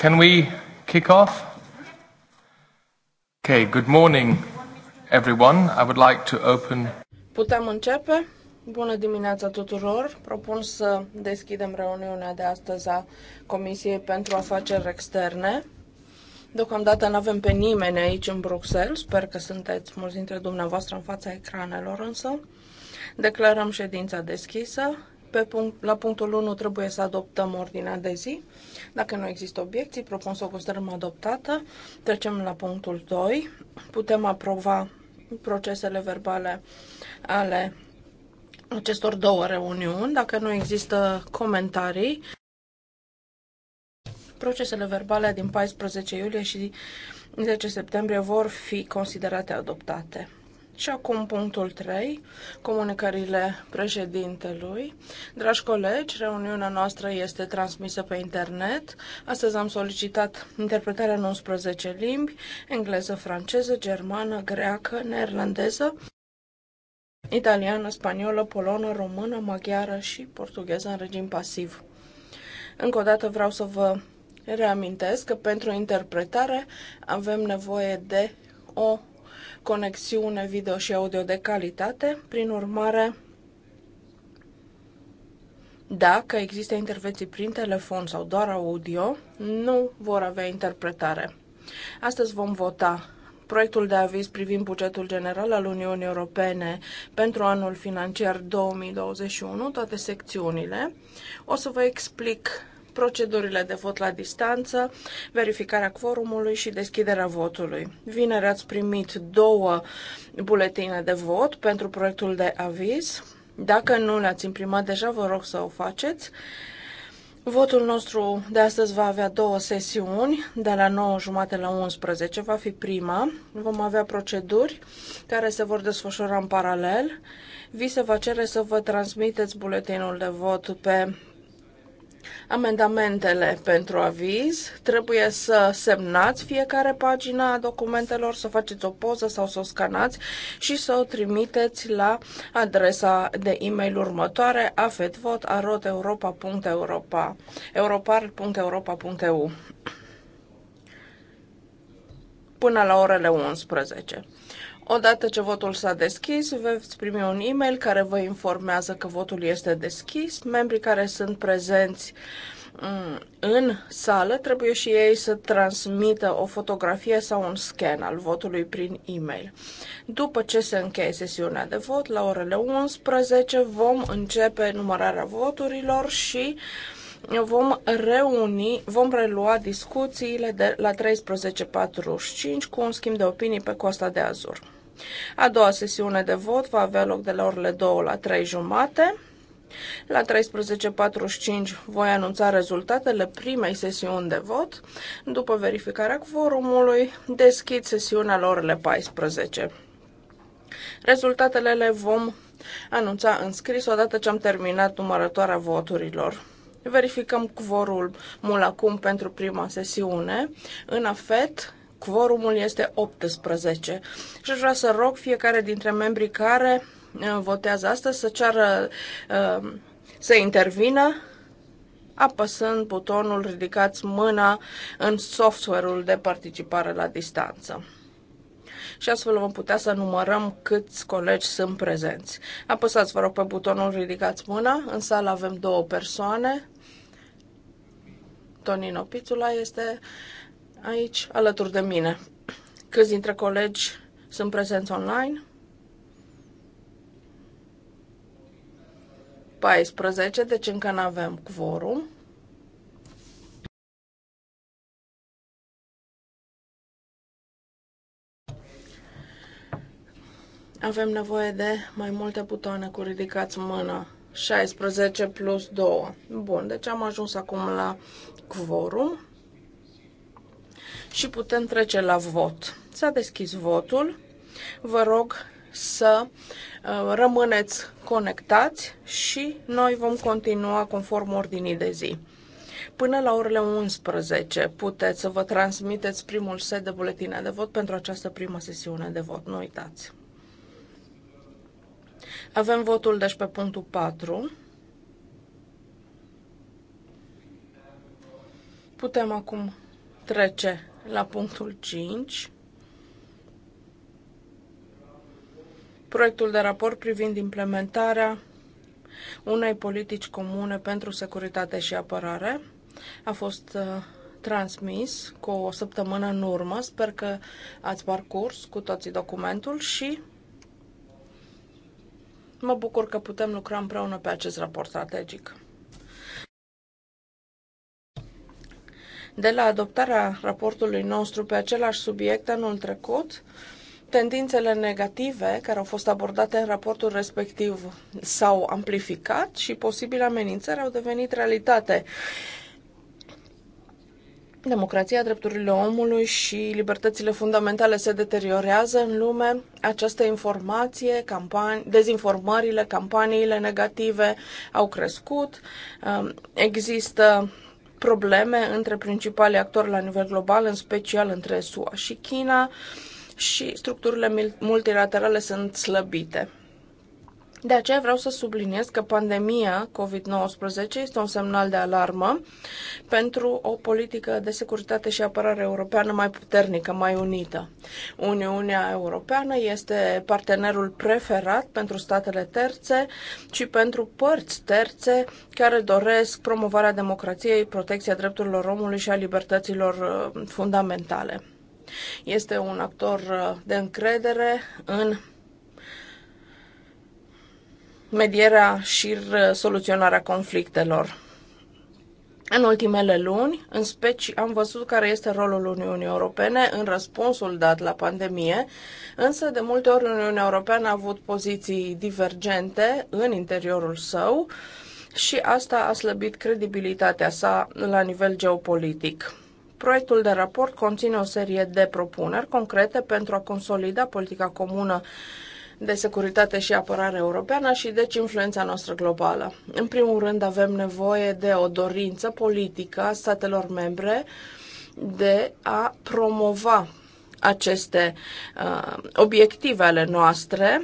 Can we kick off? Okay, good morning everyone. I would like to open Putem începe? Bună dimineața tuturor! Propun să deschidem reuniunea de astăzi a Comisiei pentru Afaceri Externe. Deocamdată nu avem pe nimeni aici în Bruxelles, sper că sunteți mulți dintre dumneavoastră în fața ecranelor însă. Declarăm ședința deschisă. Pe punct, la punctul 1 trebuie să adoptăm ordinea de zi. Dacă nu există obiecții, propun să o considerăm adoptată. Trecem la punctul 2. Putem aproba procesele verbale ale acestor două reuniuni. Dacă nu există comentarii, procesele verbale din 14 iulie și 10 septembrie vor fi considerate adoptate. Și acum punctul 3, comunicările președintelui. Dragi colegi, reuniunea noastră este transmisă pe internet. Astăzi am solicitat interpretarea în 11 limbi, engleză, franceză, germană, greacă, neerlandeză, italiană, spaniolă, polonă, română, maghiară și portugheză în regim pasiv. Încă o dată vreau să vă reamintesc că pentru interpretare avem nevoie de o conexiune video și audio de calitate. Prin urmare, dacă există intervenții prin telefon sau doar audio, nu vor avea interpretare. Astăzi vom vota proiectul de aviz privind bugetul general al Uniunii Europene pentru anul financiar 2021, toate secțiunile. O să vă explic procedurile de vot la distanță, verificarea quorumului și deschiderea votului. Vineri ați primit două buletine de vot pentru proiectul de aviz. Dacă nu le-ați imprimat deja, vă rog să o faceți. Votul nostru de astăzi va avea două sesiuni, de la 9 jumate la 11 va fi prima. Vom avea proceduri care se vor desfășura în paralel. Vi se va cere să vă transmiteți buletinul de vot pe Amendamentele pentru aviz trebuie să semnați fiecare pagina a documentelor, să faceți o poză sau să o scanați și să o trimiteți la adresa de e-mail următoare afetvot.europa.europa.europar.europa.eu până la orele 11. Odată ce votul s-a deschis, veți primi un e-mail care vă informează că votul este deschis. Membrii care sunt prezenți mm, în sală trebuie și ei să transmită o fotografie sau un scan al votului prin e-mail. După ce se încheie sesiunea de vot, la orele 11 vom începe numărarea voturilor și vom reuni, vom relua discuțiile de la 13.45 cu un schimb de opinii pe Costa de Azur. A doua sesiune de vot va avea loc de la orele 2 la 3 jumate. La 13.45 voi anunța rezultatele primei sesiuni de vot. După verificarea cuvorumului, deschid sesiunea la orele 14. Rezultatele le vom anunța în scris odată ce am terminat numărătoarea voturilor. Verificăm mult acum pentru prima sesiune. În afet Quorumul este 18 și aș vrea să rog fiecare dintre membrii care uh, votează astăzi să ceară uh, să intervină apăsând butonul ridicați mâna în software-ul de participare la distanță. Și astfel vom putea să numărăm câți colegi sunt prezenți. Apăsați, vă rog, pe butonul ridicați mâna. În sală avem două persoane. Tonino Pițula este uh, aici alături de mine. Câți dintre colegi sunt prezenți online? 14, deci încă nu avem quorum. Avem nevoie de mai multe butoane cu ridicați mâna. 16 plus 2. Bun, deci am ajuns acum la quorum și putem trece la vot. S-a deschis votul. Vă rog să uh, rămâneți conectați și noi vom continua conform ordinii de zi. Până la orele 11 puteți să vă transmiteți primul set de buletine de vot pentru această primă sesiune de vot. Nu uitați! Avem votul deci pe punctul 4. Putem acum trece la punctul 5. Proiectul de raport privind implementarea unei politici comune pentru securitate și apărare a fost uh, transmis cu o săptămână în urmă. Sper că ați parcurs cu toții documentul și mă bucur că putem lucra împreună pe acest raport strategic. de la adoptarea raportului nostru pe același subiect anul trecut, tendințele negative care au fost abordate în raportul respectiv s-au amplificat și posibile amenințări au devenit realitate. Democrația, drepturile omului și libertățile fundamentale se deteriorează în lume. Această informație, campani, dezinformările, campaniile negative au crescut. Există probleme între principalii actori la nivel global, în special între SUA și China, și structurile multilaterale sunt slăbite. De aceea vreau să subliniez că pandemia COVID-19 este un semnal de alarmă pentru o politică de securitate și apărare europeană mai puternică, mai unită. Uniunea Europeană este partenerul preferat pentru statele terțe și pentru părți terțe care doresc promovarea democrației, protecția drepturilor omului și a libertăților uh, fundamentale. Este un actor uh, de încredere în medierea și soluționarea conflictelor. În ultimele luni, în specie, am văzut care este rolul Uniunii Europene în răspunsul dat la pandemie, însă de multe ori Uniunea Europeană a avut poziții divergente în interiorul său și asta a slăbit credibilitatea sa la nivel geopolitic. Proiectul de raport conține o serie de propuneri concrete pentru a consolida politica comună de securitate și apărare europeană și deci influența noastră globală. În primul rând avem nevoie de o dorință politică a statelor membre de a promova aceste uh, obiective ale noastre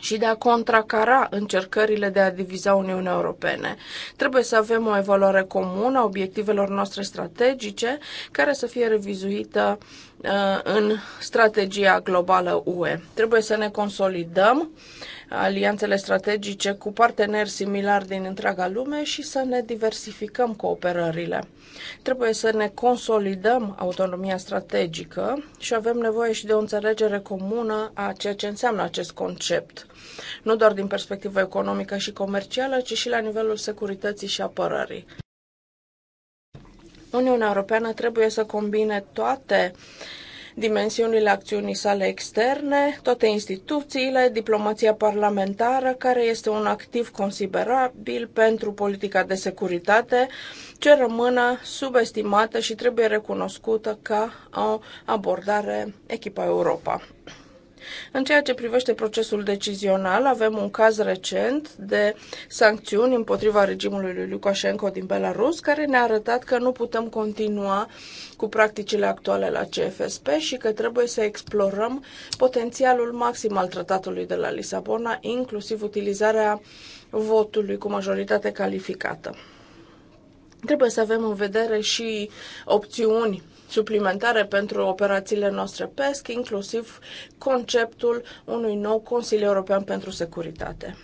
și de a contracara încercările de a diviza Uniunea Europene. Trebuie să avem o evaluare comună a obiectivelor noastre strategice, care să fie revizuită uh, în strategia globală UE. Trebuie să ne consolidăm uh, alianțele strategice cu parteneri similari din întreaga lume și să ne diversificăm cooperările. Trebuie să ne consolidăm autonomia strategică și avem nevoie și de o înțelegere comună a ceea ce înseamnă acest concept, nu doar din perspectivă economică și comercială, ci și la nivelul securității și apărării. Uniunea Europeană trebuie să combine toate uh, dimensiunile acțiunii sale externe, toate instituțiile, diplomația parlamentară, care este un activ considerabil pentru politica de securitate, ce rămâne subestimată și trebuie recunoscută ca o abordare echipa Europa. În ceea ce privește procesul decizional, avem un caz recent de sancțiuni împotriva regimului lui Lukashenko din Belarus, care ne-a arătat că nu putem continua cu practicile actuale la CFSP și că trebuie să explorăm potențialul maxim al tratatului de la Lisabona, inclusiv utilizarea votului cu majoritate calificată. Trebuie să avem în vedere și opțiuni suplimentare pentru operațiile noastre PESC, inclusiv conceptul unui nou Consiliu European pentru Securitate.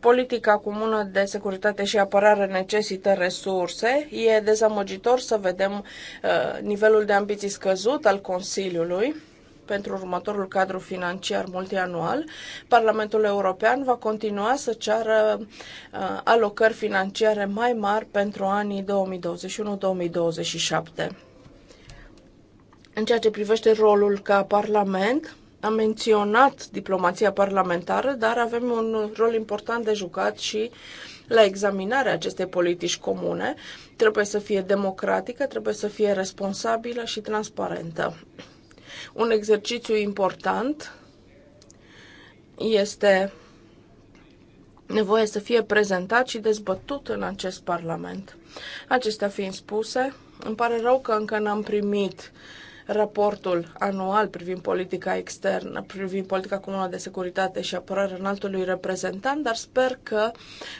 Politica comună de securitate și apărare necesită resurse. E dezamăgitor să vedem uh, nivelul de ambiții scăzut al Consiliului pentru următorul cadru financiar multianual, Parlamentul European va continua să ceară uh, alocări financiare mai mari pentru anii 2021-2027. În ceea ce privește rolul ca Parlament, am menționat diplomația parlamentară, dar avem un rol important de jucat și la examinarea acestei politici comune. Trebuie să fie democratică, trebuie să fie responsabilă și transparentă. Un exercițiu important este nevoie să fie prezentat și dezbătut în acest Parlament. Acestea fiind spuse, îmi pare rău că încă n-am primit raportul anual privind politica externă, privind politica comună de securitate și apărare înaltului reprezentant, dar sper că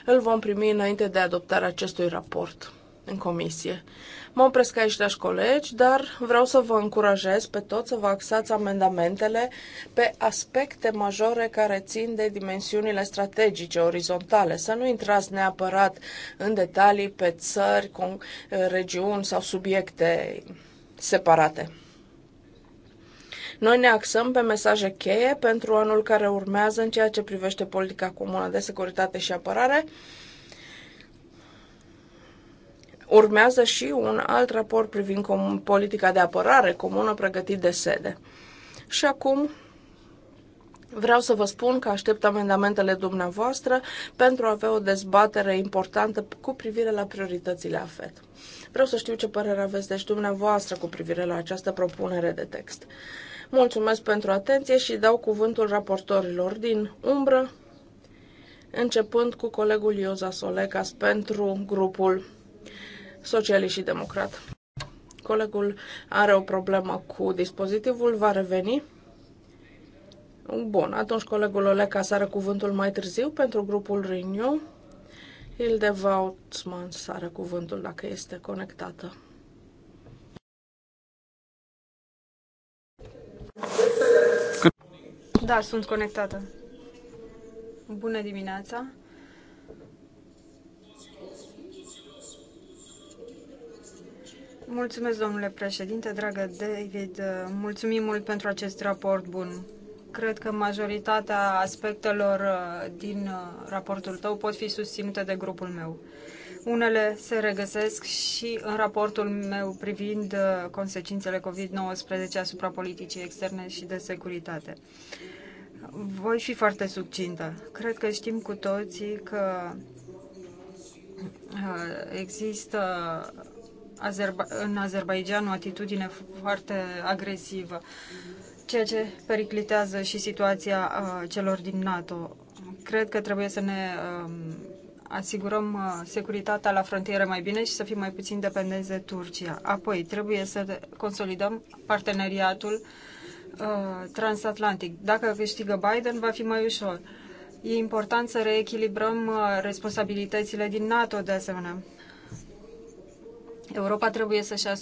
îl vom primi înainte de adoptarea acestui raport în comisie. Mă opresc aici, dragi colegi, dar vreau să vă încurajez pe toți să vă axați amendamentele pe aspecte majore care țin de dimensiunile strategice, orizontale. Să nu intrați neapărat în detalii pe țări, regiuni sau subiecte separate. Noi ne axăm pe mesaje cheie pentru anul care urmează în ceea ce privește politica comună de securitate și apărare Urmează și un alt raport privind politica de apărare comună pregătit de sede. Și acum Vreau să vă spun că aștept amendamentele dumneavoastră pentru a avea o dezbatere importantă cu privire la prioritățile AFET. Vreau să știu ce părere aveți deci dumneavoastră cu privire la această propunere de text. Mulțumesc pentru atenție și dau cuvântul raportorilor din umbră, începând cu colegul Ioza Solecas pentru grupul socialist și democrat. Colegul are o problemă cu dispozitivul, va reveni. Bun, atunci colegul Oleca sară cuvântul mai târziu pentru grupul Renew. Hilde Wautzman sară cuvântul dacă este conectată. Da, sunt conectată. Bună dimineața! Mulțumesc, domnule președinte, dragă David. Mulțumim mult pentru acest raport bun. Cred că majoritatea aspectelor uh, din uh, raportul tău pot fi susținute de grupul meu. Unele se regăsesc și în raportul meu privind uh, consecințele COVID-19 asupra politicii externe și de securitate. Voi fi foarte succintă. Cred că știm cu toții că există Azerba- în Azerbaijan o atitudine foarte agresivă, ceea ce periclitează și situația uh, celor din NATO. Cred că trebuie să ne um, asigurăm uh, securitatea la frontieră mai bine și să fim mai puțin dependenți de Turcia. Apoi, trebuie să consolidăm parteneriatul uh, transatlantic. Dacă câștigă Biden, va fi mai ușor. E important să reechilibrăm responsabilitățile din NATO, de asemenea. Europa trebuie să-și uh,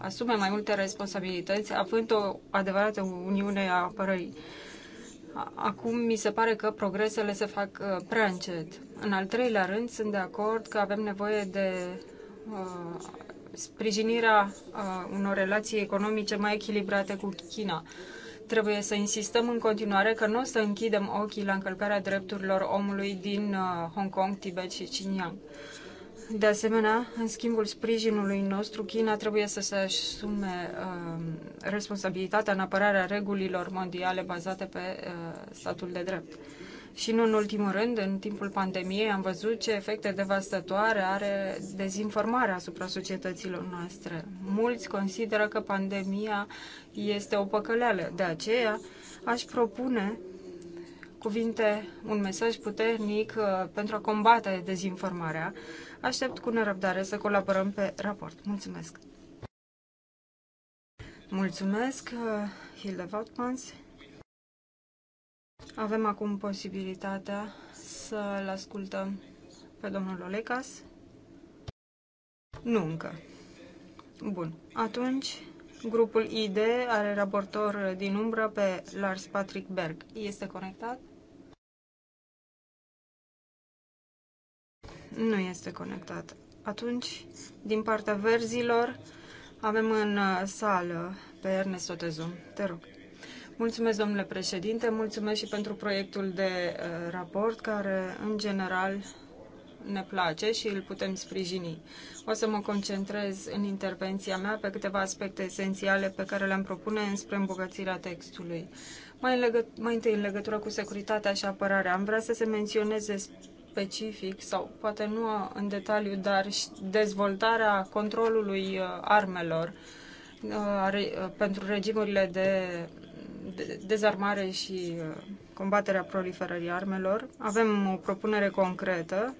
asume mai multe responsabilități, având o adevărată uniune a apărării. Acum mi se pare că progresele se fac uh, prea încet. În al treilea rând, sunt de acord că avem nevoie de uh, sprijinirea uh, unor relații economice mai echilibrate cu China. Trebuie să insistăm în continuare că nu o să închidem ochii la încălcarea drepturilor omului din uh, Hong Kong, Tibet și Xinjiang. Uh, de asemenea, în schimbul sprijinului nostru, China trebuie să se asume uh, responsabilitatea în apărarea regulilor mondiale bazate pe uh, statul de drept. Și nu în ultimul rând, în timpul pandemiei am văzut ce efecte devastătoare are dezinformarea asupra societăților noastre. Mulți consideră că pandemia este o păcăleală. De aceea aș propune cuvinte, un mesaj puternic uh, pentru a combate dezinformarea, Aștept cu nerăbdare să colaborăm pe raport. Mulțumesc! Mulțumesc, Hilde Vautmans. Avem acum posibilitatea să-l ascultăm pe domnul Olecas. Nu încă. Bun. Atunci, grupul ID are raportor din umbră pe Lars Patrick Berg. Este conectat? Nu este conectat. Atunci, din partea verzilor, avem în uh, sală pe Ernest Otezu. Te rog. Mulțumesc, domnule președinte, mulțumesc și pentru proiectul de uh, raport, care, în general, ne place și îl putem sprijini. O să mă concentrez în intervenția mea pe câteva aspecte esențiale pe care le-am propune înspre îmbogățirea textului. Mai, în legă- mai întâi, în legătură cu securitatea și apărarea, am vrea să se menționeze specific sau poate nu în detaliu, dar dezvoltarea controlului uh, armelor uh, uh, pentru regimurile de dezarmare și combaterea proliferării armelor. Avem o propunere concretă.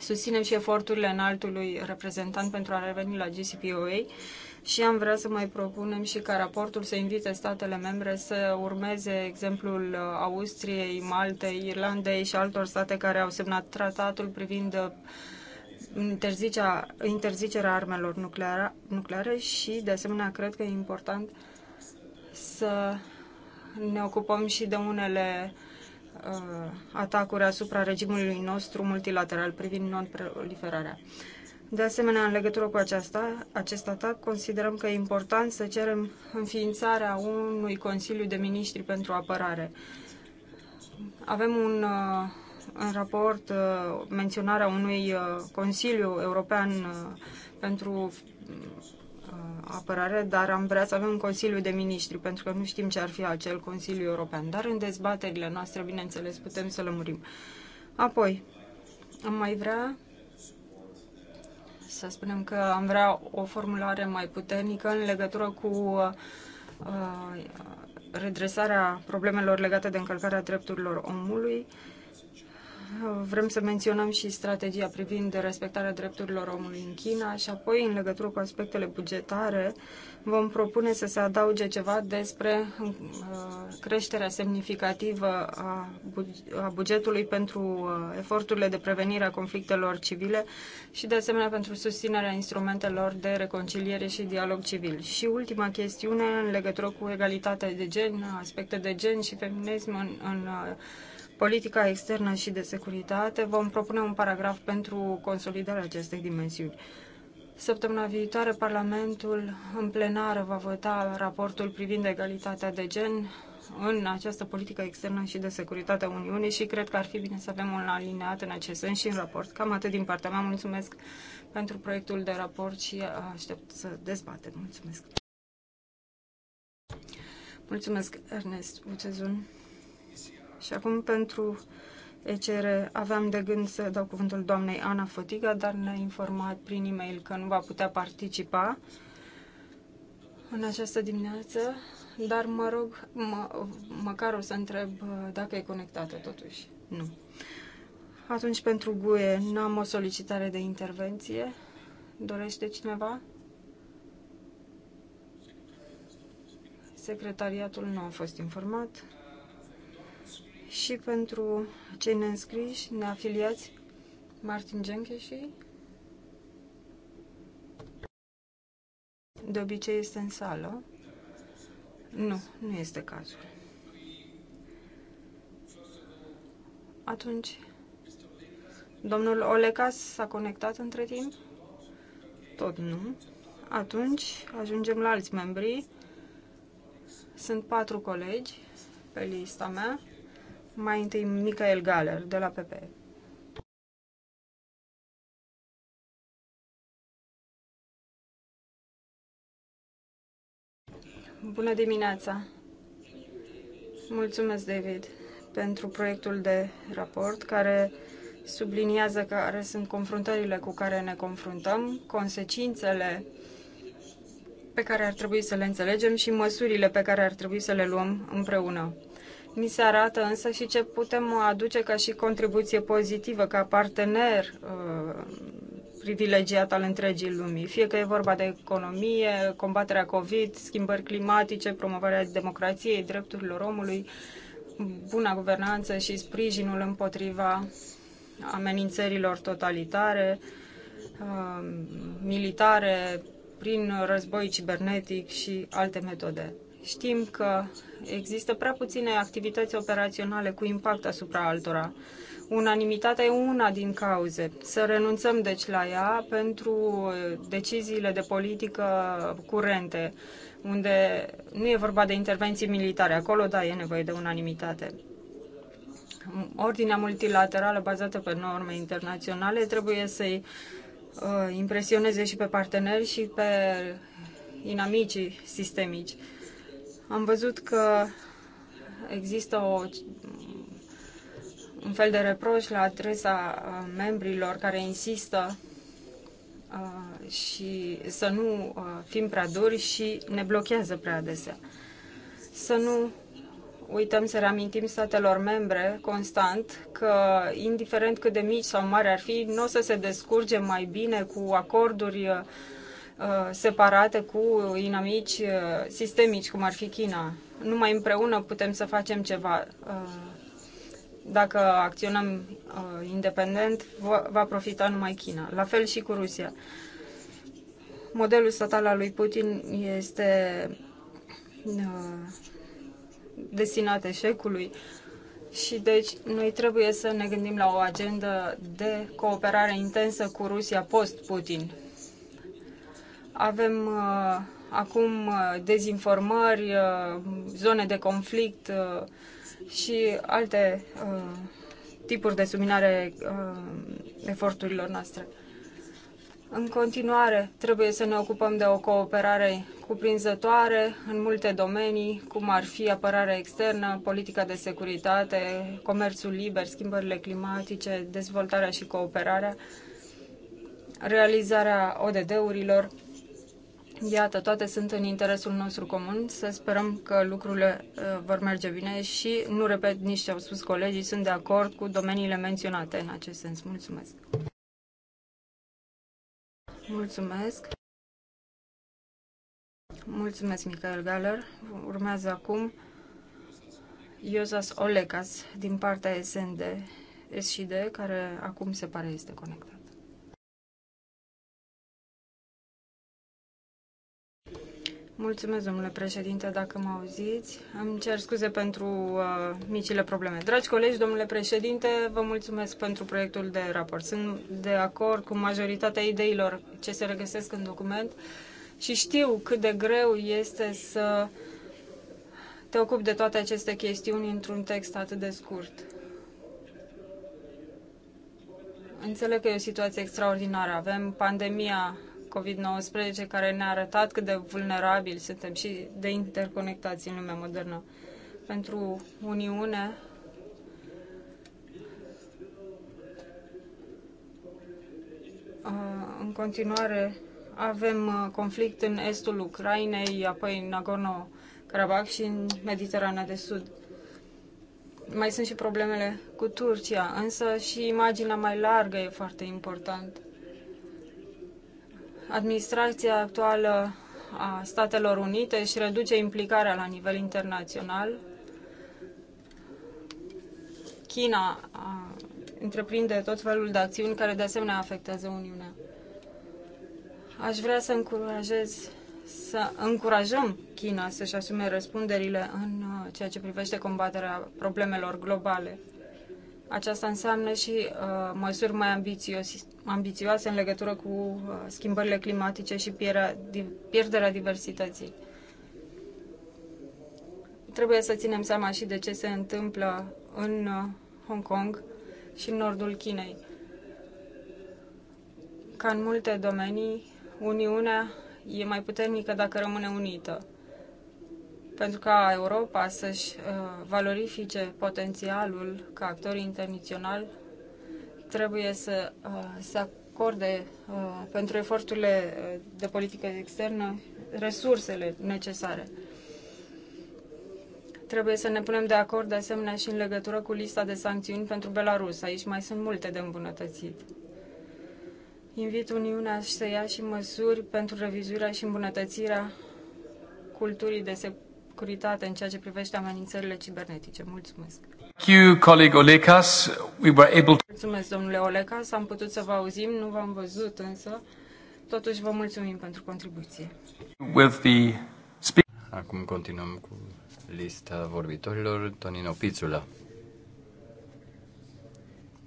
Susținem și eforturile înaltului reprezentant pentru a reveni la GCPOA și am vrea să mai propunem și ca raportul să invite statele membre să urmeze exemplul uh, Austriei, Maltei, Irlandei și altor state care au semnat tratatul privind uh, interzicerea armelor nucleare, nucleare și, de asemenea, cred că e important să ne ocupăm și de unele uh, atacuri asupra regimului nostru multilateral privind non-proliferarea. De asemenea, în legătură cu aceasta, acest atac, considerăm că e important să cerem înființarea unui Consiliu de Ministri pentru Apărare. Avem un, uh, în raport uh, menționarea unui uh, Consiliu European pentru apărare, dar am vrea să avem un Consiliu de Ministri, pentru că nu știm ce ar fi acel Consiliu European. Dar în dezbaterile noastre, bineînțeles, putem să lămurim. Apoi, am mai vrea să spunem că am vrea o formulare mai puternică în legătură cu uh, redresarea problemelor legate de încălcarea drepturilor omului vrem să menționăm și strategia privind respectarea drepturilor omului în China și apoi, în legătură cu aspectele bugetare, vom propune să se adauge ceva despre uh, creșterea semnificativă a bugetului pentru uh, eforturile de prevenire a conflictelor civile și, de asemenea, pentru susținerea instrumentelor de reconciliere și dialog civil. Și ultima chestiune, în legătură cu egalitatea de gen, aspecte de gen și feminism în, în uh, politica externă și de securitate, vom propune un paragraf pentru consolidarea acestei dimensiuni. Săptămâna viitoare, Parlamentul în plenară va vota raportul privind egalitatea de gen în această politică externă și de securitate a Uniunii și cred că ar fi bine să avem un alineat în acest sens și în raport. Cam atât din partea mea. Mulțumesc pentru proiectul de raport și aștept să dezbatem. Mulțumesc! Mulțumesc, Ernest Uțezun. Și acum pentru ECR aveam de gând să dau cuvântul doamnei Ana Fotiga, dar ne-a informat prin e-mail că nu va putea participa în această dimineață, dar mă rog, mă, măcar o să întreb uh, dacă e conectată totuși. Nu. Atunci pentru GUE n-am o solicitare de intervenție. Dorește cineva? Secretariatul nu a fost informat și pentru cei neînscriși, neafiliați, Martin Genche și... De obicei este în sală. Nu, nu este cazul. Atunci, domnul Olecas s-a conectat între timp? Tot nu. Atunci, ajungem la alți membri. Sunt patru colegi pe lista mea. Mai întâi Michael Galler de la PP. Bună dimineața! Mulțumesc, David, pentru proiectul de raport care subliniază care sunt confruntările cu care ne confruntăm, consecințele pe care ar trebui să le înțelegem și măsurile pe care ar trebui să le luăm împreună. Mi se arată însă și ce putem aduce ca și contribuție pozitivă, ca partener uh, privilegiat al întregii lumii, fie că e vorba de economie, combaterea COVID, schimbări climatice, promovarea democrației, drepturilor omului, buna guvernanță și sprijinul împotriva amenințărilor totalitare, uh, militare, prin război cibernetic și alte metode. Știm că există prea puține activități operaționale cu impact asupra altora. Unanimitatea e una din cauze. Să renunțăm deci la ea pentru uh, deciziile de politică curente, unde nu e vorba de intervenții militare. Acolo, da, e nevoie de unanimitate. Ordinea multilaterală bazată pe norme internaționale trebuie să-i uh, impresioneze și pe parteneri și pe inamicii sistemici. Am văzut că există o, un fel de reproș la adresa uh, membrilor care insistă uh, și să nu uh, fim prea duri și ne blochează prea adesea. Să nu uităm să reamintim statelor membre constant că, indiferent cât de mici sau mari ar fi, nu o să se descurge mai bine cu acorduri uh, Uh, separate cu inamici uh, sistemici, cum ar fi China. Numai împreună putem să facem ceva. Uh, dacă acționăm independent, va profita numai China. La fel și cu Rusia. Modelul statal al lui Putin este destinat eșecului. Și deci noi trebuie să ne gândim la o agendă de cooperare intensă cu Rusia post-Putin. Avem uh, acum uh, dezinformări, uh, zone de conflict și alte tipuri de subminare eforturilor noastre. În continuare, trebuie să ne ocupăm de o cooperare cuprinzătoare în multe domenii, cum ar fi apărarea externă, politica de securitate, comerțul liber, schimbările climatice, dezvoltarea și cooperarea, realizarea ODD-urilor Iată, toate sunt în interesul nostru comun. Să sperăm că lucrurile uh, vor merge bine și, nu repet nici ce au spus colegii, sunt de acord cu domeniile menționate în acest sens. Mulțumesc! Mulțumesc! Mulțumesc, Michael Galler. Urmează acum Iosas Olecas din partea SND, SD, care acum se pare este conectat. Mulțumesc, domnule președinte, dacă mă auziți. Îmi cer scuze pentru uh, micile probleme. Dragi colegi, domnule președinte, vă mulțumesc pentru proiectul de raport. Sunt de acord cu majoritatea ideilor ce se regăsesc în document și știu cât de greu este să te ocupi de toate aceste chestiuni într-un text atât de scurt. Înțeleg că e o situație extraordinară. Avem pandemia COVID-19 care ne-a arătat cât de vulnerabili suntem și de interconectați în lumea modernă. Pentru Uniune, uh, în continuare avem uh, conflict în estul Ucrainei, apoi în Nagorno-Karabakh și în Mediterana de Sud. Mai sunt și problemele cu Turcia, însă și imaginea mai largă e foarte importantă administrația actuală a Statelor Unite și reduce implicarea la nivel internațional. China întreprinde tot felul de acțiuni care de asemenea afectează Uniunea. Aș vrea să încurajez să încurajăm China să-și asume răspunderile în ceea ce privește combaterea problemelor globale. Aceasta înseamnă și uh, măsuri mai ambițioase în legătură cu uh, schimbările climatice și pierderea diversității. Trebuie să ținem seama și de ce se întâmplă în uh, Hong Kong și în nordul Chinei. Ca în multe domenii, Uniunea e mai puternică dacă rămâne unită pentru ca Europa să-și uh, valorifice potențialul ca actor internațional, trebuie să uh, se acorde uh, pentru eforturile de politică externă resursele necesare. Trebuie să ne punem de acord de asemenea și în legătură cu lista de sancțiuni pentru Belarus. Aici mai sunt multe de îmbunătățit. Invit Uniunea să ia și măsuri pentru revizuirea și îmbunătățirea culturii de securitate securitate în ceea ce privește amenințările cibernetice. Mulțumesc! you, colleague Olekas. We were able to... Mulțumesc, domnule Olekas. Am putut să vă auzim, nu v-am văzut însă. Totuși vă mulțumim pentru contribuție. With the Acum continuăm cu lista vorbitorilor. Tonino Pițula.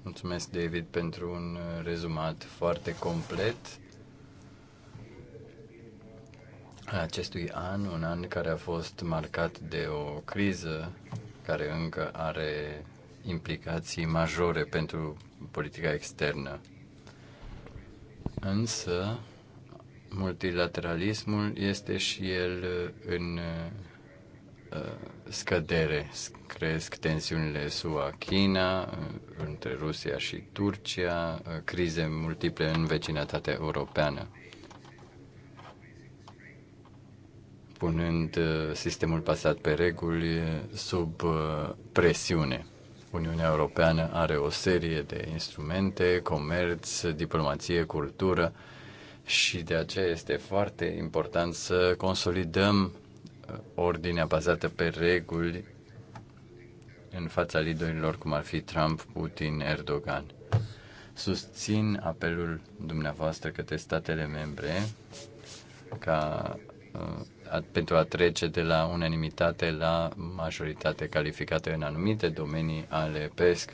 Mulțumesc, David, pentru un rezumat foarte complet acestui an, un an care a fost marcat de o criză care încă are implicații majore pentru politica externă. Însă, multilateralismul este și el în uh, scădere. Cresc tensiunile SUA-China, între Rusia și Turcia, uh, crize multiple în vecinătatea europeană. punând uh, sistemul pasat pe reguli uh, sub uh, presiune. Uniunea Europeană are o serie de instrumente, comerț, diplomație, cultură și de aceea este foarte important să consolidăm ordinea bazată pe reguli în fața liderilor cum ar fi Trump, Putin, Erdogan. Susțin apelul dumneavoastră către statele membre ca pentru a trece de la unanimitate la majoritate calificată în anumite domenii ale PESC.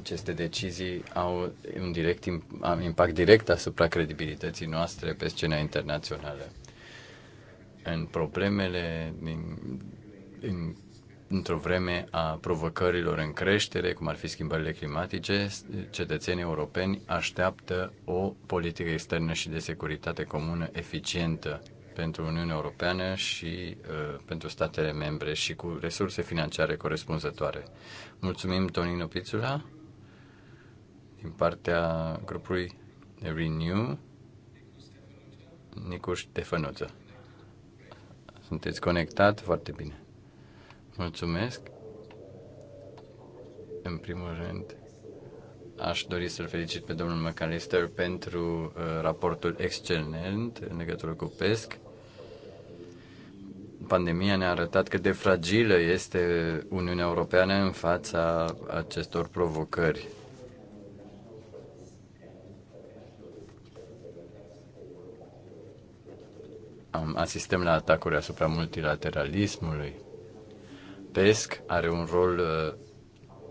Aceste decizii au un direct impact direct asupra credibilității noastre pe scena internațională. În problemele din, din într-o vreme a provocărilor în creștere, cum ar fi schimbările climatice, cetățenii europeni așteaptă o politică externă și de securitate comună eficientă pentru Uniunea Europeană și uh, pentru statele membre și cu resurse financiare corespunzătoare. Mulțumim, Tonino Pițula, din partea grupului Renew, Nicuș Tefănuță. Sunteți conectat foarte bine. Mulțumesc. În primul rând, aș dori să-l felicit pe domnul McAllister pentru uh, raportul excelent în legătură cu PESC. Pandemia ne-a arătat cât de fragilă este Uniunea Europeană în fața acestor provocări. Asistăm la atacuri asupra multilateralismului PESC are un rol uh,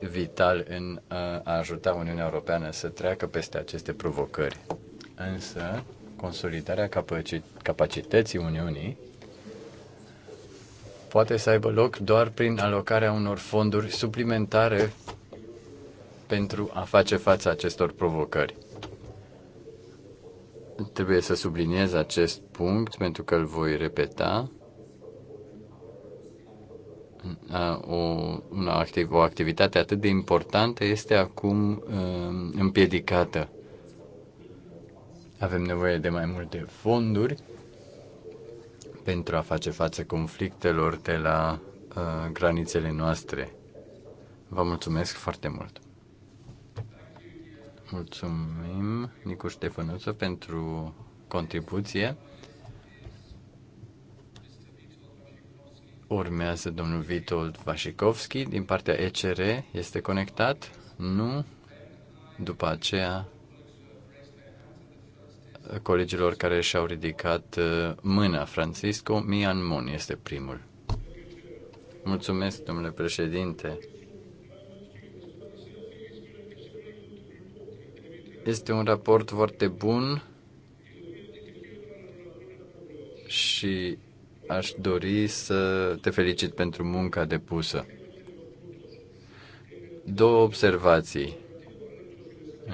vital în uh, a ajuta Uniunea Europeană să treacă peste aceste provocări. Însă, consolidarea capacității Uniunii poate să aibă loc doar prin alocarea unor fonduri suplimentare pentru a face față acestor provocări. Trebuie să subliniez acest punct pentru că îl voi repeta. Uh, o, un activ, o activitate atât de importantă este acum um, împiedicată. Avem nevoie de mai multe fonduri pentru a face față conflictelor de la uh, granițele noastre. Vă mulțumesc foarte mult! Mulțumim, Nicu Ștefănuță, pentru contribuție. Urmează domnul Vitold Vasikovski din partea ECR. Este conectat? Nu. După aceea, colegilor care și-au ridicat uh, mâna, Francisco Mian Mun este primul. Mulțumesc, domnule președinte. Este un raport foarte bun și aș dori să te felicit pentru munca depusă. Două observații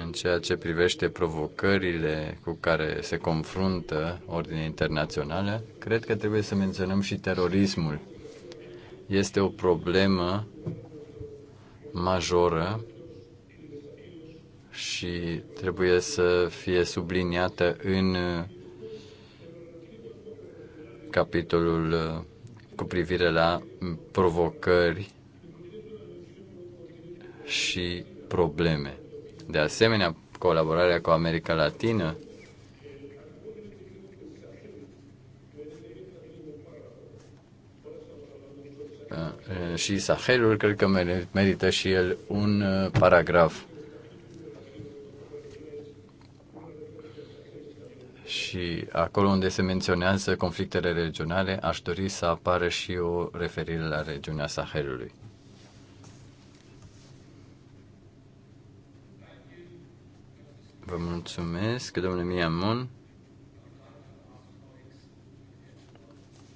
în ceea ce privește provocările cu care se confruntă ordinea internațională, cred că trebuie să menționăm și terorismul. Este o problemă majoră și trebuie să fie subliniată în capitolul uh, cu privire la mm, provocări și probleme. De asemenea, colaborarea cu America Latină uh, și Sahelul, cred că merită și el un uh, paragraf. și acolo unde se menționează conflictele regionale, aș dori să apară și o referire la regiunea Sahelului. Vă mulțumesc, domnule Miamon.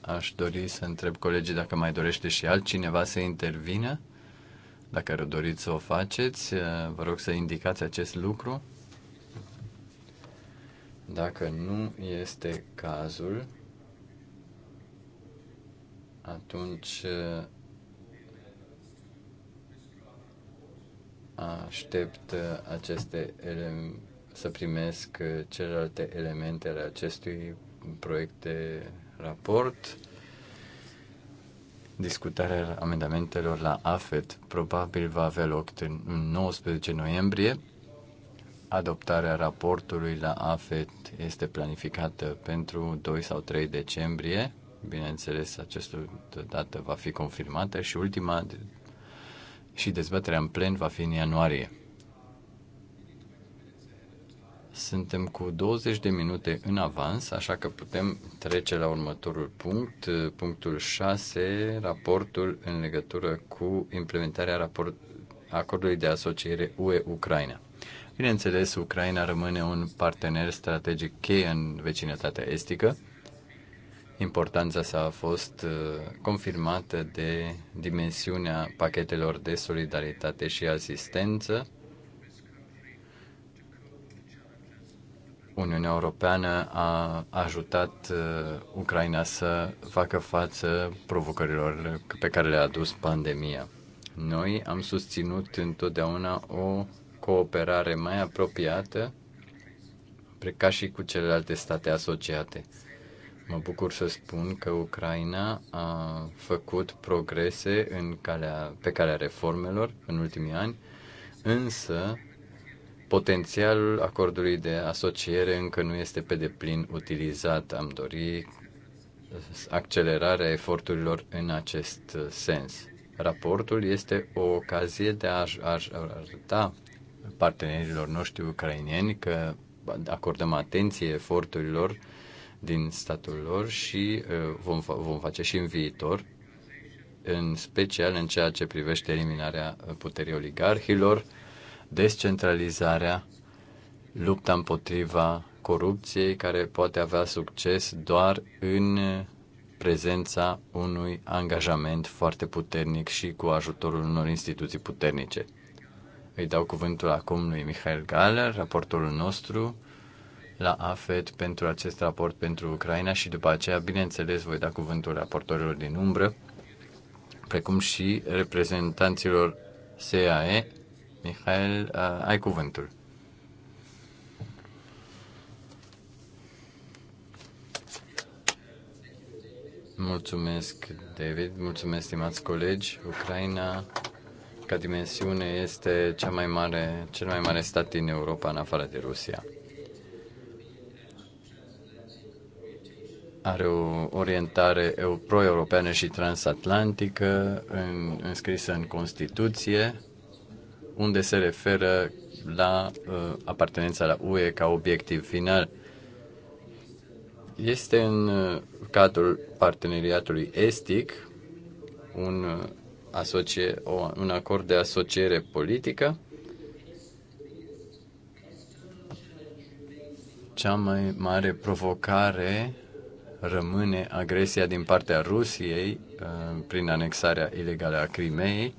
Aș dori să întreb colegii dacă mai dorește și altcineva să intervină. Dacă doriți să o faceți, vă rog să indicați acest lucru. Dacă nu este cazul, atunci uh, aștept uh, aceste ele- să primesc uh, celelalte elemente ale acestui proiect de raport. Discutarea amendamentelor la AFET probabil va avea loc în 19 noiembrie Adoptarea raportului la AFET este planificată pentru 2 sau 3 decembrie. Bineînțeles, această dată va fi confirmată și ultima și dezbaterea în plen va fi în ianuarie. Suntem cu 20 de minute în avans, așa că putem trece la următorul punct, punctul 6, raportul în legătură cu implementarea raport, acordului de asociere UE-Ucraina. Bineînțeles, Ucraina rămâne un partener strategic cheie în vecinătatea estică. Importanța sa a fost uh, confirmată de dimensiunea pachetelor de solidaritate și asistență. Uniunea Europeană a ajutat uh, Ucraina să facă față provocărilor pe care le-a adus pandemia. Noi am susținut întotdeauna o cooperare mai apropiată, ca și cu celelalte state asociate. Mă bucur să spun că Ucraina a făcut progrese în calea, pe calea reformelor în ultimii ani, însă potențialul acordului de asociere încă nu este pe deplin utilizat. Am dori accelerarea eforturilor în acest sens. Raportul este o ocazie de a arăta partenerilor noștri ucrainieni că acordăm atenție eforturilor din statul lor și uh, vom, vom face și în viitor, în special în ceea ce privește eliminarea puterii oligarhilor, descentralizarea, lupta împotriva corupției care poate avea succes doar în prezența unui angajament foarte puternic și cu ajutorul unor instituții puternice. Îi dau cuvântul acum lui Mihail Galer, raportorul nostru la AFET pentru acest raport pentru Ucraina și după aceea, bineînțeles, voi da cuvântul raportorilor din umbră, precum și reprezentanților SAE. Mihail, ai cuvântul. Mulțumesc, David. Mulțumesc, stimați colegi. Ucraina ca dimensiune este cea mai mare, cel mai mare stat din Europa în afară de Rusia. Are o orientare pro-europeană și transatlantică în, înscrisă în Constituție, unde se referă la uh, apartenența la UE ca obiectiv final. Este în uh, cadrul parteneriatului estic un uh, asocie, o, un acord de asociere politică. Cea mai mare provocare rămâne agresia din partea Rusiei uh, prin anexarea ilegală a Crimeei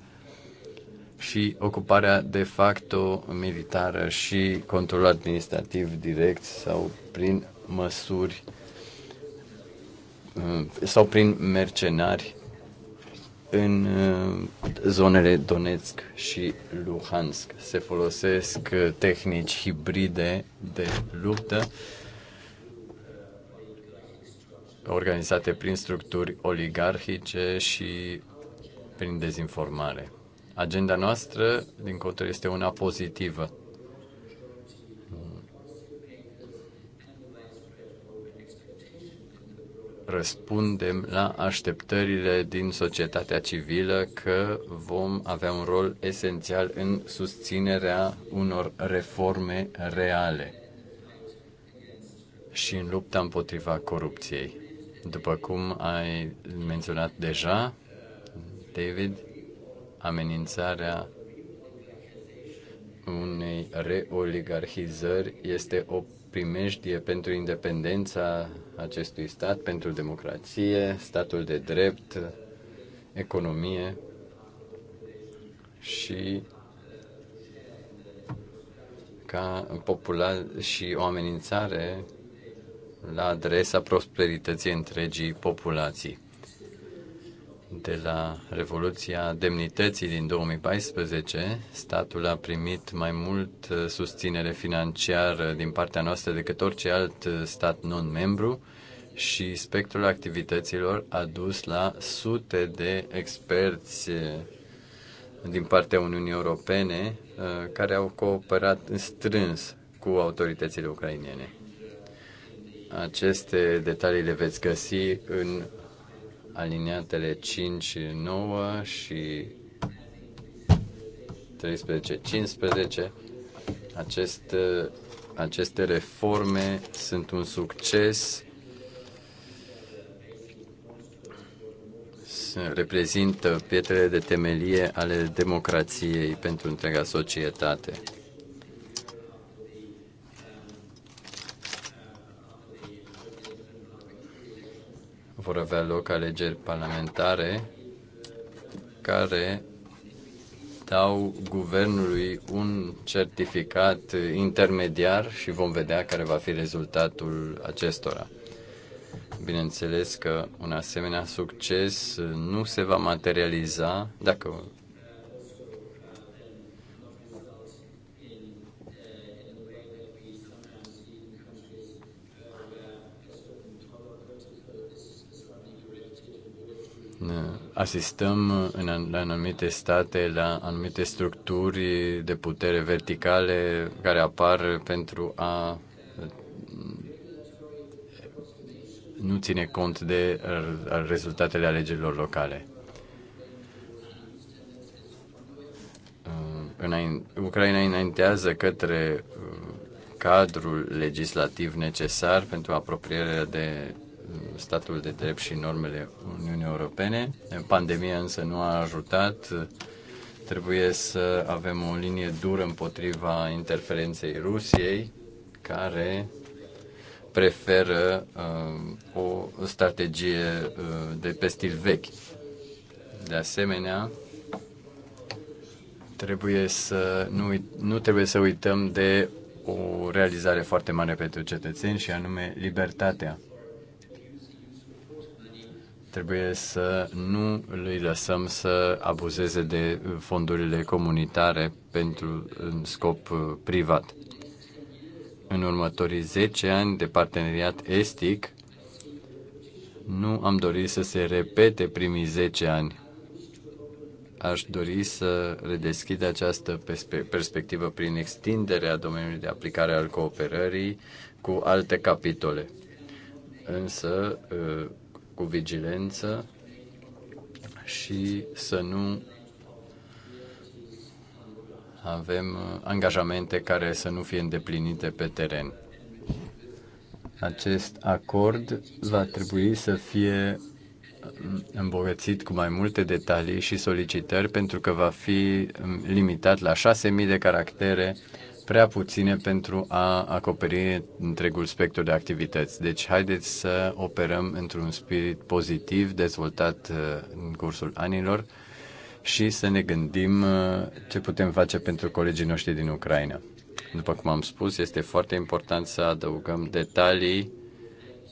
și ocuparea de facto militară și control administrativ direct sau prin măsuri uh, sau prin mercenari în uh, zonele Donetsk și Luhansk. Se folosesc uh, tehnici hibride de luptă organizate prin structuri oligarhice și prin dezinformare. Agenda noastră, din contră, este una pozitivă. răspundem la așteptările din societatea civilă că vom avea un rol esențial în susținerea unor reforme reale și în lupta împotriva corupției. După cum ai menționat deja, David, amenințarea unei reoligarhizări este o primejdie pentru independența acestui stat pentru democrație, statul de drept, economie și ca popular și o amenințare la adresa prosperității întregii populații de la Revoluția Demnității din 2014, statul a primit mai mult uh, susținere financiară din partea noastră decât orice alt uh, stat non-membru și spectrul activităților a dus la sute de experți uh, din partea Uniunii Europene care au cooperat strâns cu autoritățile ucrainene. Aceste detalii le veți găsi în alineatele 5, 9 și 13, 15. Acest, aceste reforme sunt un succes, reprezintă pietrele de temelie ale democrației pentru întreaga societate. avea loc alegeri parlamentare care dau guvernului un certificat intermediar și vom vedea care va fi rezultatul acestora. Bineînțeles că un asemenea succes nu se va materializa dacă Uh, asistăm în, la anumite state la anumite structuri de putere verticale care apar pentru a uh, nu ține cont de uh, rezultatele alegerilor locale. Ucraina înaintează către cadrul legislativ necesar pentru apropierea de statul de drept și normele Uniunii Europene. Pandemia însă nu a ajutat. Trebuie să avem o linie dură împotriva interferenței Rusiei, care preferă uh, o strategie uh, de pe stil vechi. De asemenea, trebuie să nu, nu trebuie să uităm de o realizare foarte mare pentru cetățeni și anume libertatea trebuie să nu îi lăsăm să abuzeze de fondurile comunitare pentru în scop uh, privat. În următorii 10 ani de parteneriat estic, nu am dorit să se repete primii 10 ani. Aș dori să redeschid această perspectivă prin extinderea domeniului de aplicare al cooperării cu alte capitole. Însă, uh, cu vigilență și să nu avem uh, angajamente care să nu fie îndeplinite pe teren. Acest acord va trebui să fie mm, îmbogățit cu mai multe detalii și solicitări pentru că va fi mm, limitat la 6.000 de caractere prea puține pentru a acoperi întregul spectru de activități. Deci haideți să operăm într-un spirit pozitiv dezvoltat uh, în cursul anilor și să ne gândim uh, ce putem face pentru colegii noștri din Ucraina. După cum am spus, este foarte important să adăugăm detalii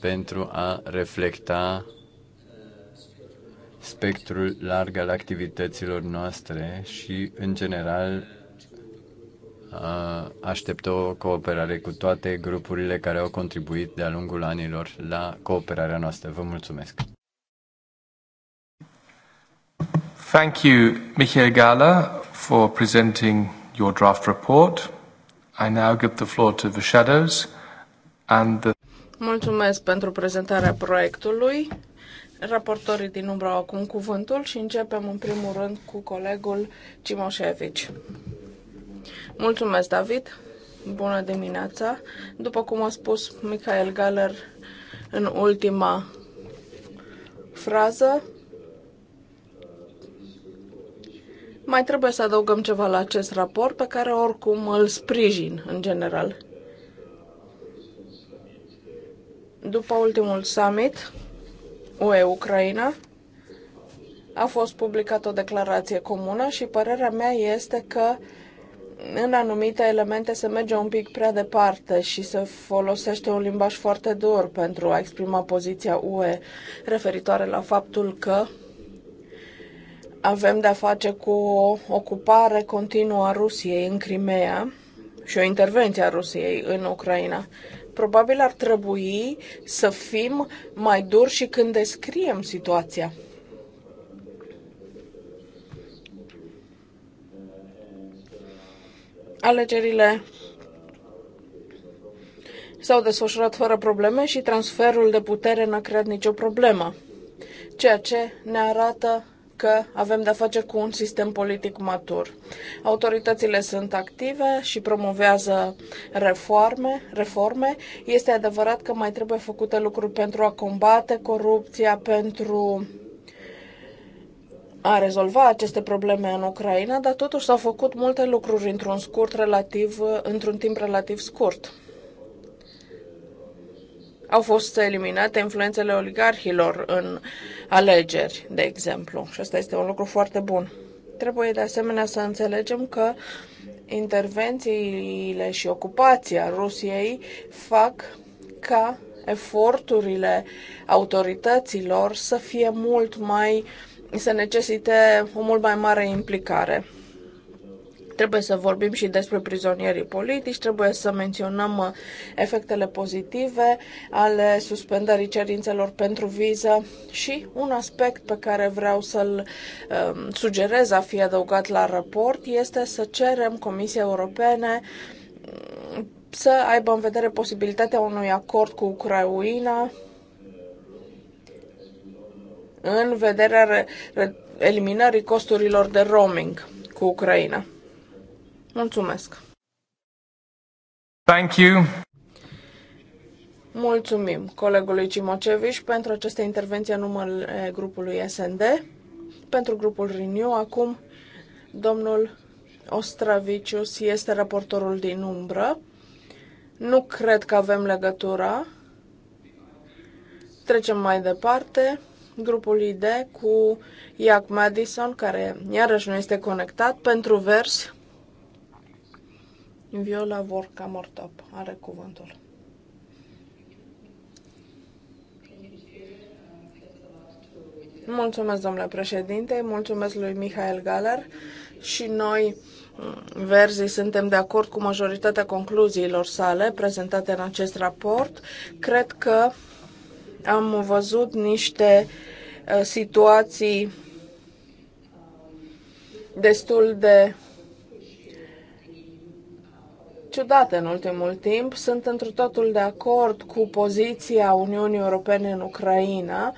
pentru a reflecta spectrul larg al activităților noastre și, în general, aștept o cooperare cu toate grupurile care au contribuit de-a lungul anilor la cooperarea noastră. Vă mulțumesc! Thank you, Michael Gala, for presenting your draft report. I now give the floor to the shadows and the... Mulțumesc pentru prezentarea proiectului. Raportorii din umbră au acum cuvântul și începem în primul rând cu colegul Cimoșevici. Mulțumesc, David! Bună dimineața! După cum a spus Michael Galler în ultima frază, mai trebuie să adăugăm ceva la acest raport pe care oricum îl sprijin în general. După ultimul summit UE-Ucraina, a fost publicată o declarație comună și părerea mea este că uh, în anumite elemente se merge un pic prea departe și se folosește un limbaj foarte dur pentru a exprima poziția UE referitoare la faptul că avem de-a face cu o ocupare continuă a Rusiei în Crimea și o intervenție a Rusiei în Ucraina. Probabil ar trebui să fim mai duri și când descriem situația Alegerile s-au desfășurat fără probleme și transferul de putere n-a creat nicio problemă, ceea ce ne arată că avem de-a face cu un sistem politic matur. Autoritățile sunt active și promovează reforme, reforme. Este adevărat că mai trebuie făcute lucruri pentru a combate corupția, pentru a rezolva aceste probleme în Ucraina, dar totuși s-au făcut multe lucruri într-un scurt relativ, într-un timp relativ scurt. Au fost eliminate influențele oligarhilor în alegeri, de exemplu, și asta este un lucru foarte bun. Trebuie de asemenea să înțelegem că intervențiile și ocupația Rusiei fac ca eforturile autorităților să fie mult mai uh, să necesite o mult mai mare implicare. Trebuie să vorbim și despre prizonierii politici, trebuie să menționăm uh, efectele pozitive ale suspendării cerințelor pentru viză și un aspect pe care vreau să-l um, sugerez a fi adăugat la raport este să cerem Comisiei Europene um, să aibă în vedere posibilitatea unui acord cu Ucraina în vederea eliminării costurilor de roaming cu Ucraina. Mulțumesc! Thank you. Mulțumim colegului Cimoceviș pentru această intervenție în numele grupului SND. Pentru grupul Renew, acum domnul Ostravicius este raportorul din umbră. Nu cred că avem legătura. Trecem mai departe grupul ID cu Iac Madison, care iarăși nu este conectat, pentru vers. Viola Vorca Mortop are cuvântul. Mulțumesc, domnule președinte, mulțumesc lui Mihail Galer și noi mm, Verzii suntem de acord cu majoritatea concluziilor sale prezentate în acest raport. Cred că am văzut niște uh, situații destul de ciudate în ultimul timp. Sunt într totul de acord cu poziția Uniunii Europene în Ucraina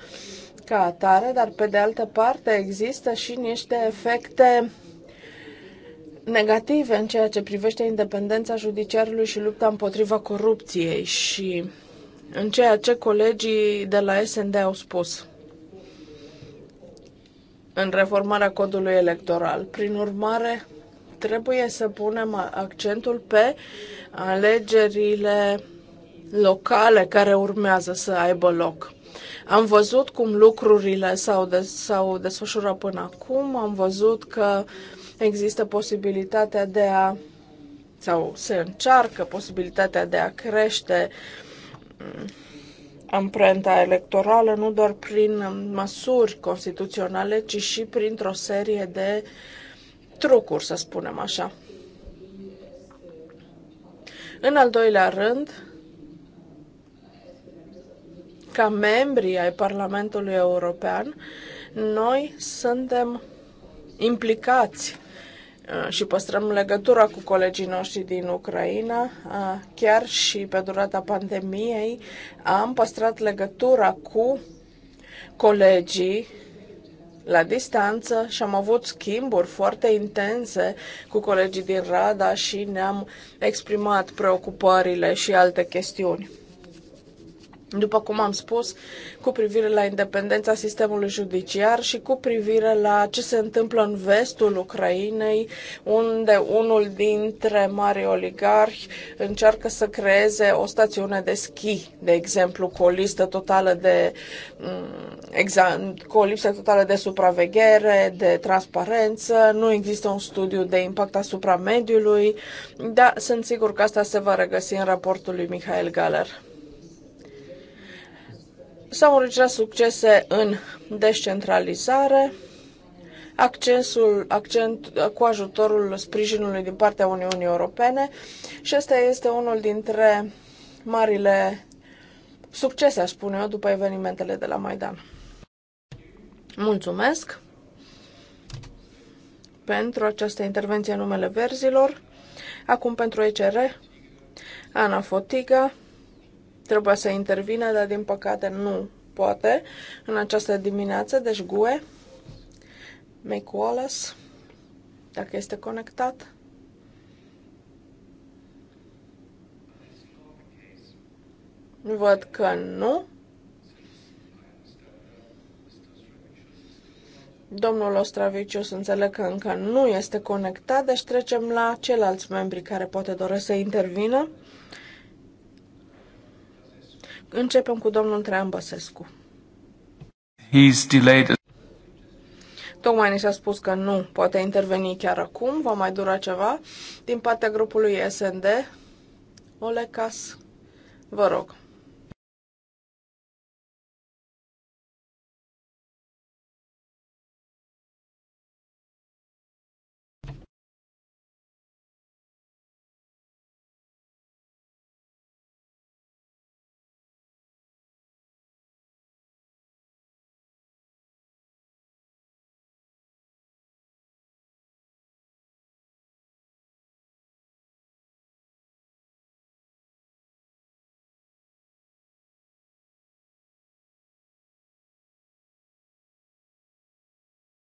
ca atare, dar pe de altă parte există și niște efecte negative în ceea ce privește independența judiciarului și lupta împotriva corupției și în ceea ce colegii de la SND au spus în reformarea codului electoral. Prin urmare, trebuie să punem accentul pe alegerile locale care urmează să aibă loc. Am văzut cum lucrurile s-au, de- s-au desfășurat până acum, am văzut că există posibilitatea de a, sau se încearcă posibilitatea de a crește uh, amprenta electorală nu doar prin măsuri constituționale, ci și printr-o serie de trucuri, să spunem așa. În al doilea rând, ca membri ai Parlamentului European, noi suntem implicați și păstrăm legătura cu colegii noștri din Ucraina, chiar și pe durata pandemiei, am păstrat legătura cu colegii la distanță și am avut schimburi foarte intense cu colegii din Rada și ne-am exprimat preocupările și alte chestiuni după cum am spus, cu privire la independența sistemului judiciar și cu privire la ce se întâmplă în vestul Ucrainei, unde unul dintre mari oligarhi încearcă să creeze o stațiune de schi, de exemplu, cu o listă totală de mm, cu o lipsă totală de supraveghere, de transparență, nu există un studiu de impact asupra mediului, dar sunt sigur că asta se va regăsi în raportul lui Michael Galer. S-au înregistrat succese în descentralizare, accesul, accent cu ajutorul sprijinului din partea Uniunii Europene și ăsta este unul dintre marile succese, aș spune eu, după evenimentele de la Maidan. Mulțumesc pentru această intervenție în numele verzilor. Acum pentru ECR, Ana Fotiga, trebuia să intervine, dar din păcate nu poate în această dimineață, deci GUE, Make Wallace, dacă este conectat. Văd că nu. Domnul Ostraviciu, să înțeleg că încă nu este conectat, deci trecem la ceilalți membri care poate doresc să intervină. Începem cu domnul Traian Băsescu. He's delayed. Tocmai ni s-a spus că nu poate interveni chiar acum, va mai dura ceva. Din partea grupului SND, Olecas, vă rog.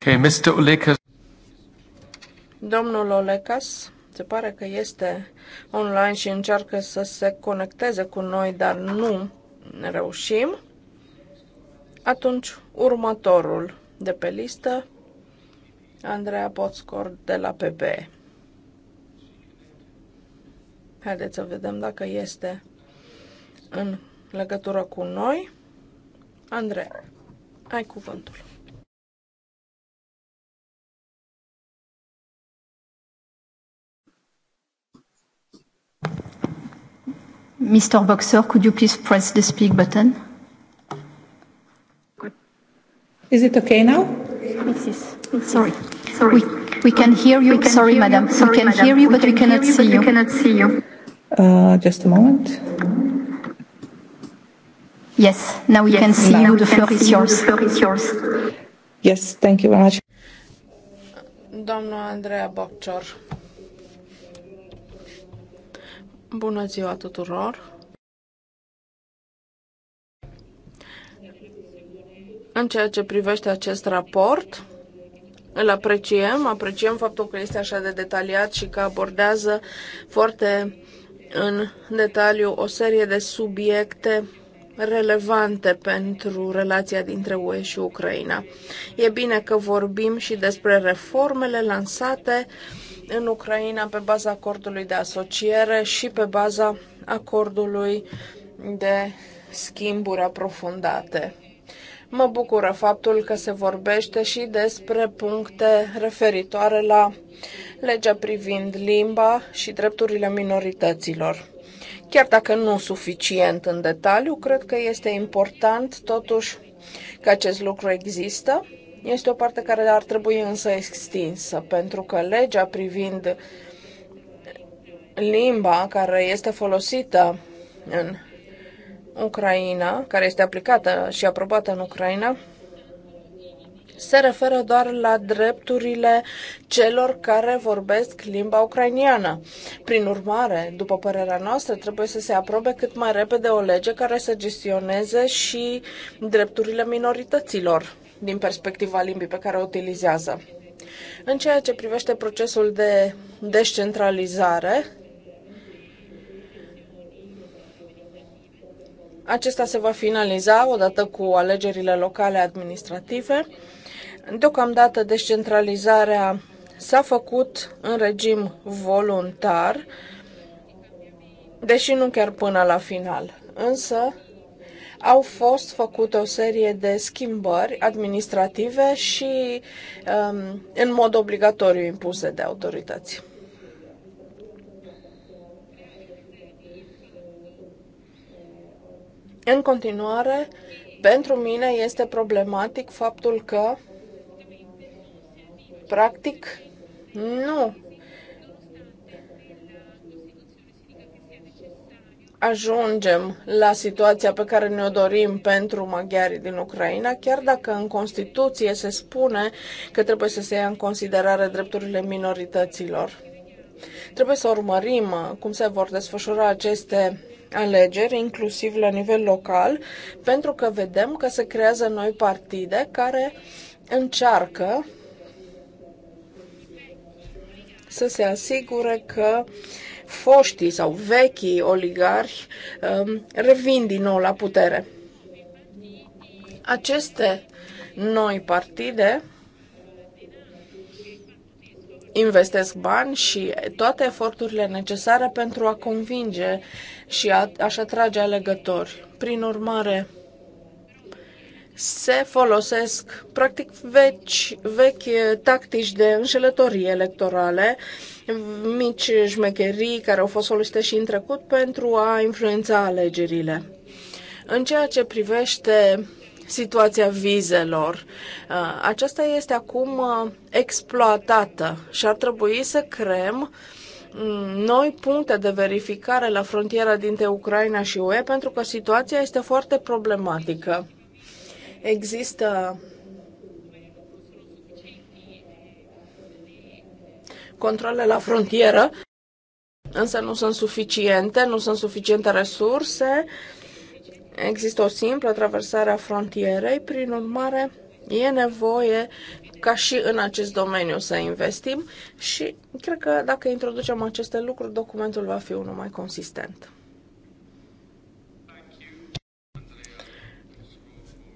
Okay, Mr. Olekas. Domnul Olekas, se pare că este online și încearcă să se conecteze cu noi, dar nu reușim. Atunci, următorul de pe listă, Andreea Potscor de la PP. Haideți să vedem dacă este în legătură cu noi. Andreea, ai cuvântul. Mr. Boxer, could you please press the speak button? Is it okay now? Yes, yes. Sorry. Sorry. We, we can hear you. We can Sorry, hear madam. You. Sorry, we can madam. hear you, but we, we cannot you, see you. We cannot see you. Uh, just a moment. Yes, now we yes, can see now. you. The floor is yours. The floor is yours. Yes, thank you very much. Doamna Andreea Bocior, Bună ziua tuturor! În ceea ce privește acest raport, îl apreciem, apreciem faptul că este așa de detaliat și că abordează foarte în detaliu o serie de subiecte relevante pentru relația dintre UE și Ucraina. E bine că vorbim și despre reformele lansate în Ucraina pe baza acordului de asociere și pe baza acordului de schimburi aprofundate. Mă bucură faptul că se vorbește și despre puncte referitoare la legea privind limba și drepturile minorităților. Chiar dacă nu suficient în detaliu, cred că este important totuși că acest lucru există este o parte care ar trebui însă extinsă, pentru că legea privind limba care este folosită în Ucraina, care este aplicată și aprobată în Ucraina, se referă doar la drepturile celor care vorbesc limba ucrainiană. Prin urmare, după părerea noastră, trebuie să se aprobe cât mai repede o lege care să gestioneze și drepturile minorităților din perspectiva limbii pe care o utilizează. În ceea ce privește procesul de descentralizare, acesta se va finaliza odată cu alegerile locale administrative. Deocamdată descentralizarea s-a făcut în regim voluntar, deși nu chiar până la final. Însă, au fost făcute o serie de schimbări administrative și um, în mod obligatoriu impuse de autorități. În continuare, pentru mine este problematic faptul că, practic, nu ajungem la situația pe care ne-o dorim pentru maghiarii din Ucraina, chiar dacă în Constituție se spune că trebuie să se ia în considerare drepturile minorităților. Trebuie să urmărim uh, cum se vor desfășura aceste alegeri, inclusiv la nivel local, pentru că vedem că se creează noi partide care încearcă să se asigure că uh, foștii sau vechii oligarhi um, revin din nou la putere. Aceste noi partide investesc bani și toate eforturile necesare pentru a convinge și a, a-și atrage alegători. Prin urmare, se folosesc practic vechi, vechi tactici de înșelătorie electorale, mici șmecherii care au fost folosite și în trecut pentru a influența alegerile. În ceea ce privește situația vizelor. Uh, aceasta este acum uh, exploatată și ar trebui să creăm mm, noi puncte de verificare la frontiera dintre Ucraina și UE pentru că situația este foarte problematică. Există controle la frontieră, însă nu sunt suficiente, nu sunt suficiente resurse. Există o simplă traversare a frontierei, prin urmare e nevoie ca și în acest domeniu să investim și cred că dacă introducem aceste lucruri, documentul va fi unul mai consistent.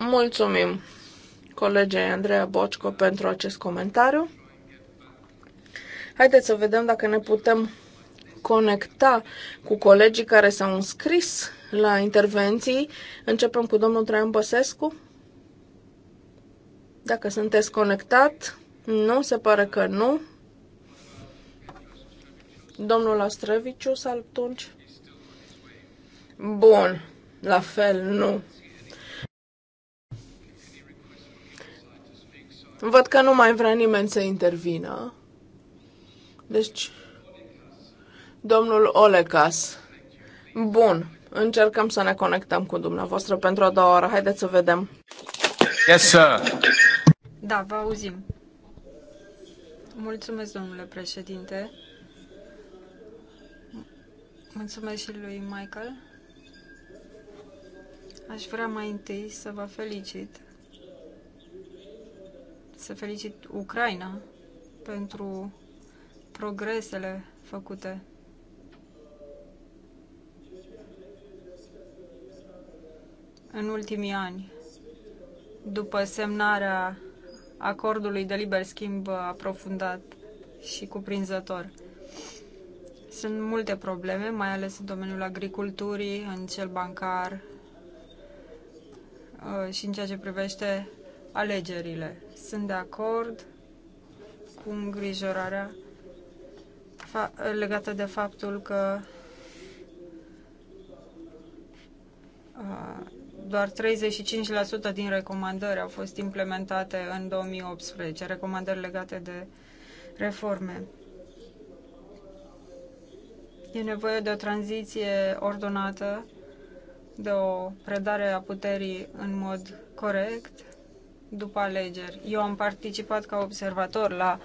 Mulțumim colegei Andreea Bocco pentru acest comentariu. Haideți să vedem dacă ne putem conecta cu colegii care s-au înscris la intervenții. Începem cu domnul Traian Băsescu. Dacă sunteți conectat, nu, se pare că nu. Domnul Astrăviciu, atunci. Bun, la fel, nu. Văd că nu mai vrea nimeni să intervină. Deci, domnul Olecas. Bun, încercăm să ne conectăm cu dumneavoastră pentru a doua oră. Haideți să vedem. Yes, sir. Da, vă auzim. Mulțumesc, domnule președinte. Mulțumesc și lui Michael. Aș vrea mai întâi să vă felicit să felicit Ucraina pentru progresele făcute. În ultimii ani, după semnarea acordului de liber schimb aprofundat și cuprinzător. Sunt multe probleme, mai ales în domeniul agriculturii, în cel bancar uh, și în ceea ce privește alegerile. Sunt de acord cu îngrijorarea legată de faptul că doar 35% din recomandări au fost implementate în 2018, recomandări legate de reforme. E nevoie de o tranziție ordonată, de o predare a puterii în mod corect după alegeri. Eu am participat ca observator la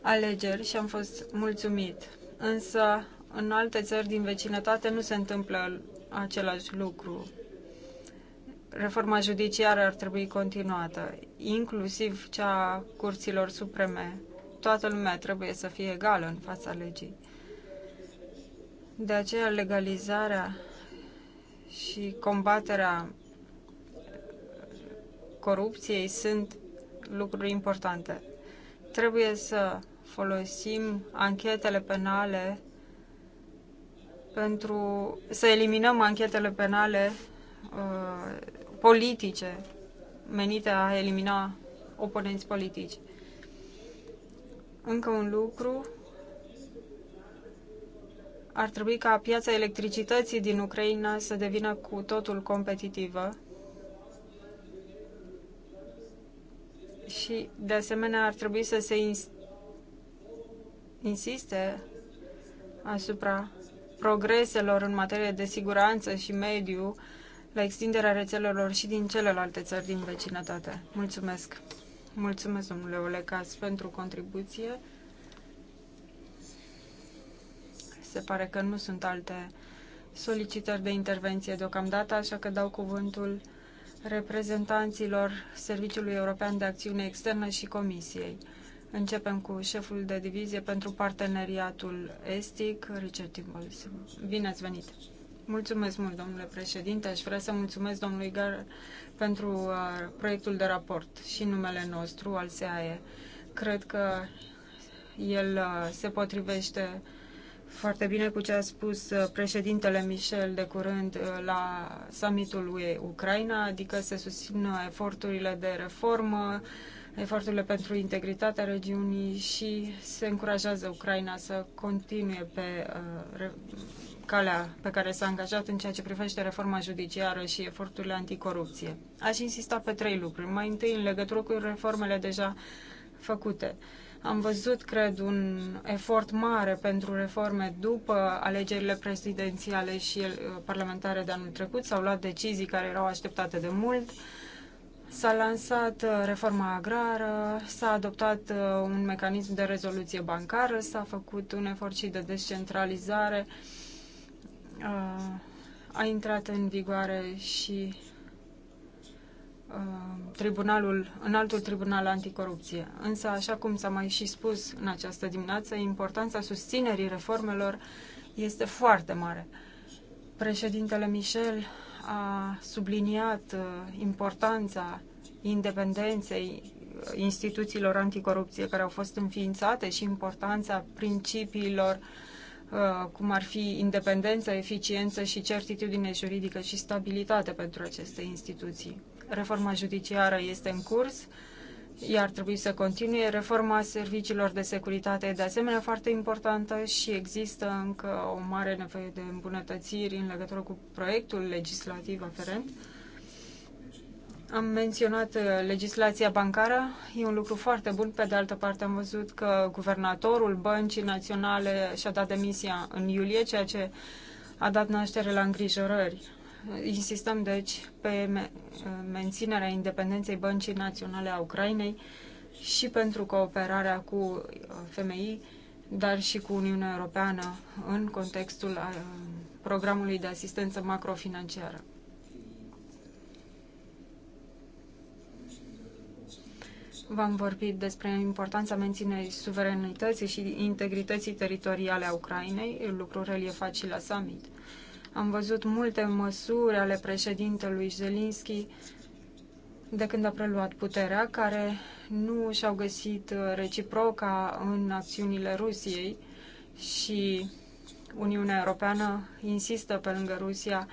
alegeri și am fost mulțumit. Însă, în alte țări din vecinătate nu se întâmplă același lucru. Reforma judiciară ar trebui continuată, inclusiv cea a curților supreme. Toată lumea trebuie să fie egală în fața legii. De aceea, legalizarea și combaterea corupției sunt lucruri importante. Trebuie să folosim anchetele penale pentru să eliminăm anchetele penale uh, politice menite a elimina oponenți politici. Încă un lucru, ar trebui ca piața electricității din Ucraina să devină cu totul competitivă și, de asemenea, ar trebui să se ins insiste asupra progreselor în materie de siguranță și mediu la extinderea rețelelor și din celelalte țări din vecinătate. Mulțumesc! Mulțumesc, domnule Olecas, pentru contribuție. Se pare că nu sunt alte solicitări de intervenție deocamdată, așa că dau cuvântul reprezentanților Serviciului European de Acțiune Externă și Comisiei. Începem cu șeful de divizie pentru parteneriatul estic, Richard Timbals. Bine ați venit! Mulțumesc mult, domnule președinte. Aș vrea să mulțumesc domnului Gar pentru uh, proiectul de raport și numele nostru al SEAE. Cred că el uh, se potrivește foarte bine cu ce a spus uh, președintele Michel de curând uh, la summitul UE Ucraina, adică se susțină uh, eforturile de reformă, eforturile pentru integritatea regiunii și se încurajează Ucraina să continue pe uh, calea pe care s-a angajat în ceea ce privește reforma judiciară și eforturile anticorupție. Aș insista pe trei lucruri. Mai întâi, în legătură cu reformele deja făcute. Uh, am văzut, cred, un efort mare pentru reforme după alegerile prezidențiale și uh, parlamentare de anul trecut. S-au luat decizii care erau așteptate de mult. S-a lansat uh, reforma agrară, s-a adoptat uh, un mecanism de rezoluție bancară, s-a făcut un efort și de descentralizare, a intrat în vigoare și Uh, tribunalul, înaltul tribunal anticorupție. Însă, așa cum s-a mai și spus în această dimineață, importanța susținerii reformelor este foarte mare. Președintele Michel a subliniat uh, importanța independenței instituțiilor anticorupție care au fost înființate și importanța principiilor uh, cum ar fi independență, eficiență și certitudine juridică și stabilitate pentru aceste instituții. Reforma judiciară este în curs, iar trebuie să continue. Reforma serviciilor de securitate e de asemenea foarte importantă și există încă o mare nevoie de îmbunătățiri în legătură cu proiectul legislativ aferent. Am menționat uh, legislația bancară, e un lucru foarte bun. Pe de altă parte, am văzut că guvernatorul Băncii Naționale și-a dat demisia în iulie, ceea ce a dat naștere la îngrijorări. Insistăm, deci, pe menținerea independenței Băncii Naționale a Ucrainei și pentru cooperarea cu uh, FMI, dar și cu Uniunea Europeană în contextul uh, programului de asistență macrofinanciară. V-am vorbit despre importanța menținerii suveranității și integrității teritoriale a Ucrainei, lucru reliefat și la summit. Am văzut multe măsuri ale președintelui Zelinski de când a preluat puterea, care nu și-au găsit uh, reciproca în acțiunile Rusiei și Uniunea Europeană insistă pe lângă Rusia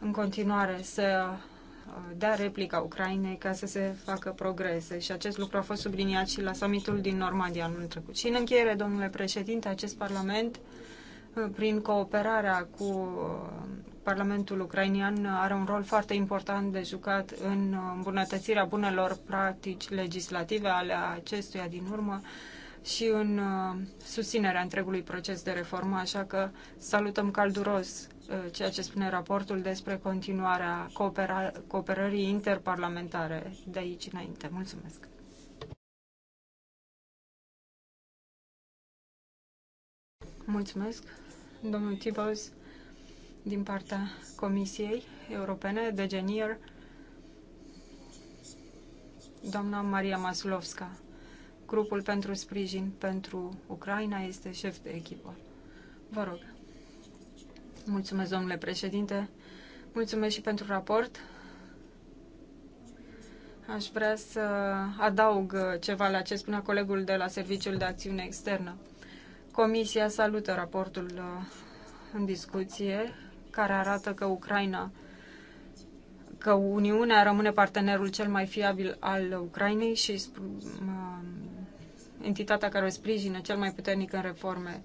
în continuare să uh, dea replica Ucrainei ca să se facă progrese și acest lucru a fost subliniat și la summitul din Normandia anul trecut. Și în încheiere, domnule președinte, acest parlament prin cooperarea cu uh, Parlamentul ucrainian uh, are un rol foarte important de jucat în uh, îmbunătățirea bunelor practici legislative ale acestuia din urmă și în susținerea întregului proces de reformă, așa că salutăm calduros ceea ce spune raportul despre continuarea cooperării interparlamentare de aici înainte. Mulțumesc! Mulțumesc! domnul Tibos din partea Comisiei Europene, de Genier, doamna Maria Maslovska. Grupul pentru sprijin pentru Ucraina este șef de echipă. Vă rog. Mulțumesc, domnule președinte. Mulțumesc și pentru raport. Aș vrea să adaug ceva la ce spunea colegul de la Serviciul de Acțiune Externă. Comisia salută raportul uh, în discuție, care arată că Ucraina că Uniunea rămâne partenerul cel mai fiabil al Ucrainei și uh, entitatea care o sprijină cel mai puternic în reforme.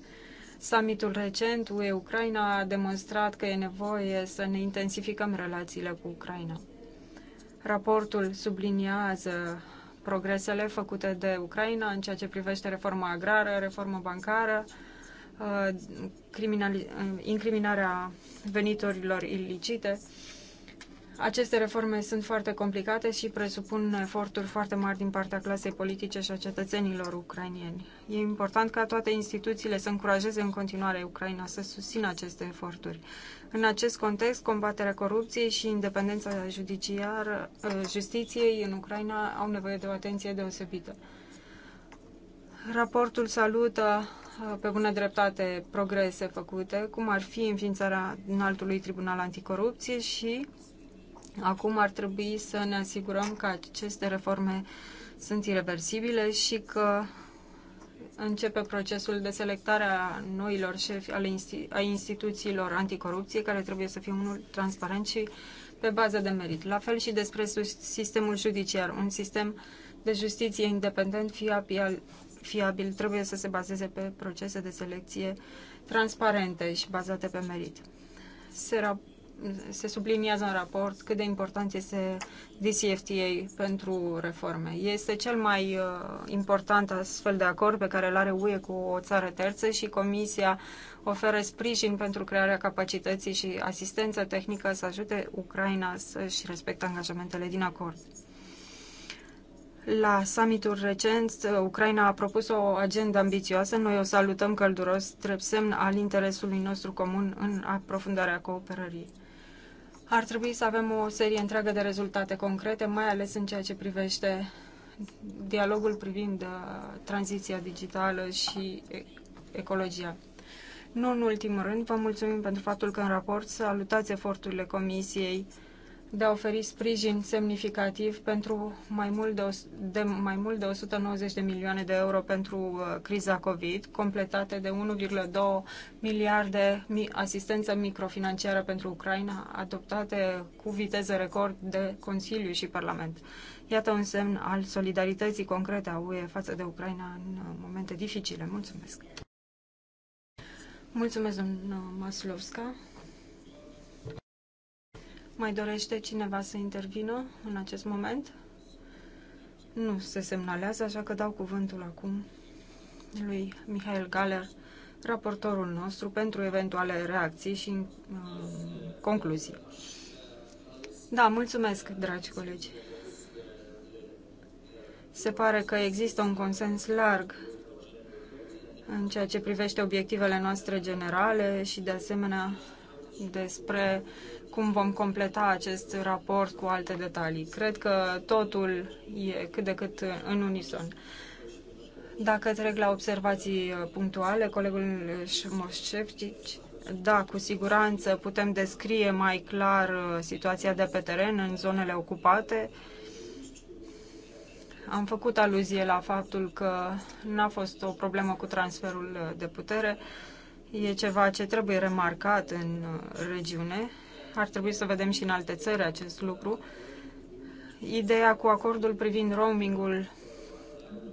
Summitul recent UE-Ucraina a demonstrat că e nevoie să ne intensificăm relațiile cu Ucraina. Raportul subliniază progresele făcute de Ucraina în ceea ce privește reforma agrară, reforma bancară, uh, uh, incriminarea veniturilor ilicite. Aceste reforme sunt foarte complicate și presupun eforturi foarte mari din partea clasei politice și a cetățenilor ucrainieni. E important ca toate instituțiile să încurajeze în continuare Ucraina să susțină aceste eforturi. În acest context, combaterea corupției și independența judiciară, uh, justiției în Ucraina au nevoie de o atenție deosebită. Raportul salută uh, pe bună dreptate progrese făcute, cum ar fi înființarea înaltului tribunal anticorupție și acum ar trebui să ne asigurăm că aceste reforme sunt irreversibile și că începe procesul de selectare a noilor șefi ale a instituțiilor anticorupție, care trebuie să fie unul transparent și pe bază de merit. La fel și despre sistemul judiciar, un sistem de justiție independent, fiabil, fiabil trebuie să se bazeze pe procese de selecție transparente și bazate pe merit. Se rap- se subliniază în raport cât de important este DCFTA pentru reforme. Este cel mai uh, important astfel de acord pe care îl are UE cu o țară terță și Comisia oferă sprijin pentru crearea capacității și asistență tehnică să ajute Ucraina să-și respecte angajamentele din acord. La summitul recent, uh, Ucraina a propus o agendă ambițioasă. Noi o salutăm călduros, trebuie semn al interesului nostru comun în aprofundarea cooperării ar trebui să avem o serie întreagă de rezultate concrete, mai ales în ceea ce privește dialogul privind uh, tranziția digitală și ecologia. Nu în ultimul rând, vă mulțumim pentru faptul că în raport salutați eforturile Comisiei de a oferi sprijin semnificativ pentru mai mult de, de, mai mult de 190 de milioane de euro pentru uh, criza COVID, completate de 1,2 miliarde mi, asistență microfinanciară pentru Ucraina, adoptate cu viteză record de Consiliu și Parlament. Iată un semn al solidarității concrete a UE față de Ucraina în uh, momente dificile. Mulțumesc! Mulțumesc, domnul Maslovska. Mai dorește cineva să intervină în acest moment? Nu se semnalează, așa că dau cuvântul acum lui Mihail Galer, raportorul nostru, pentru eventuale reacții și uh, concluzii. Da, mulțumesc, dragi colegi. Se pare că există un consens larg în ceea ce privește obiectivele noastre generale și, de asemenea, despre cum vom completa acest raport cu alte detalii. Cred că totul e cât de cât în unison. Dacă trec la observații uh, punctuale, colegul Șmoșcepcici, da, cu siguranță putem descrie mai clar uh, situația de pe teren în zonele ocupate. Am făcut aluzie la faptul că n-a fost o problemă cu transferul uh, de putere. E ceva ce trebuie remarcat în regiune ar trebui să vedem și în alte țări acest lucru. Ideea cu acordul privind roamingul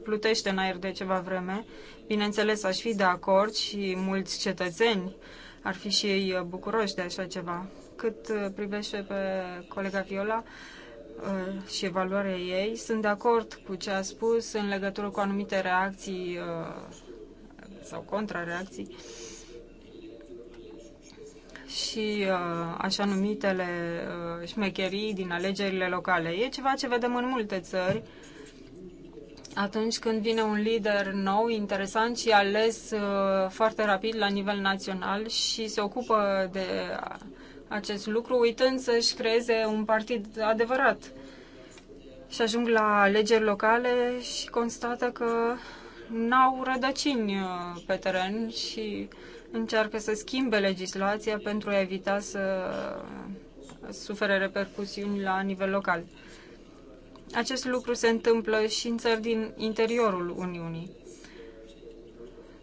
plutește în aer de ceva vreme. Bineînțeles, aș fi de acord și mulți cetățeni ar fi și ei bucuroși de așa ceva. Cât uh, privește pe colega Viola uh, și evaluarea ei, sunt de acord cu ce a spus în legătură cu anumite reacții uh, sau contrareacții și uh, așa numitele uh, șmecherii din alegerile locale. E ceva ce vedem în multe țări atunci când vine un lider nou, interesant și ales uh, foarte rapid la nivel național și se ocupă de acest lucru, uitând să-și creeze un partid adevărat. Și ajung la alegeri locale și constată că n-au rădăcini pe teren și încearcă să schimbe legislația pentru a evita să sufere repercusiuni la nivel local. Acest lucru se întâmplă și în țări din interiorul Uniunii.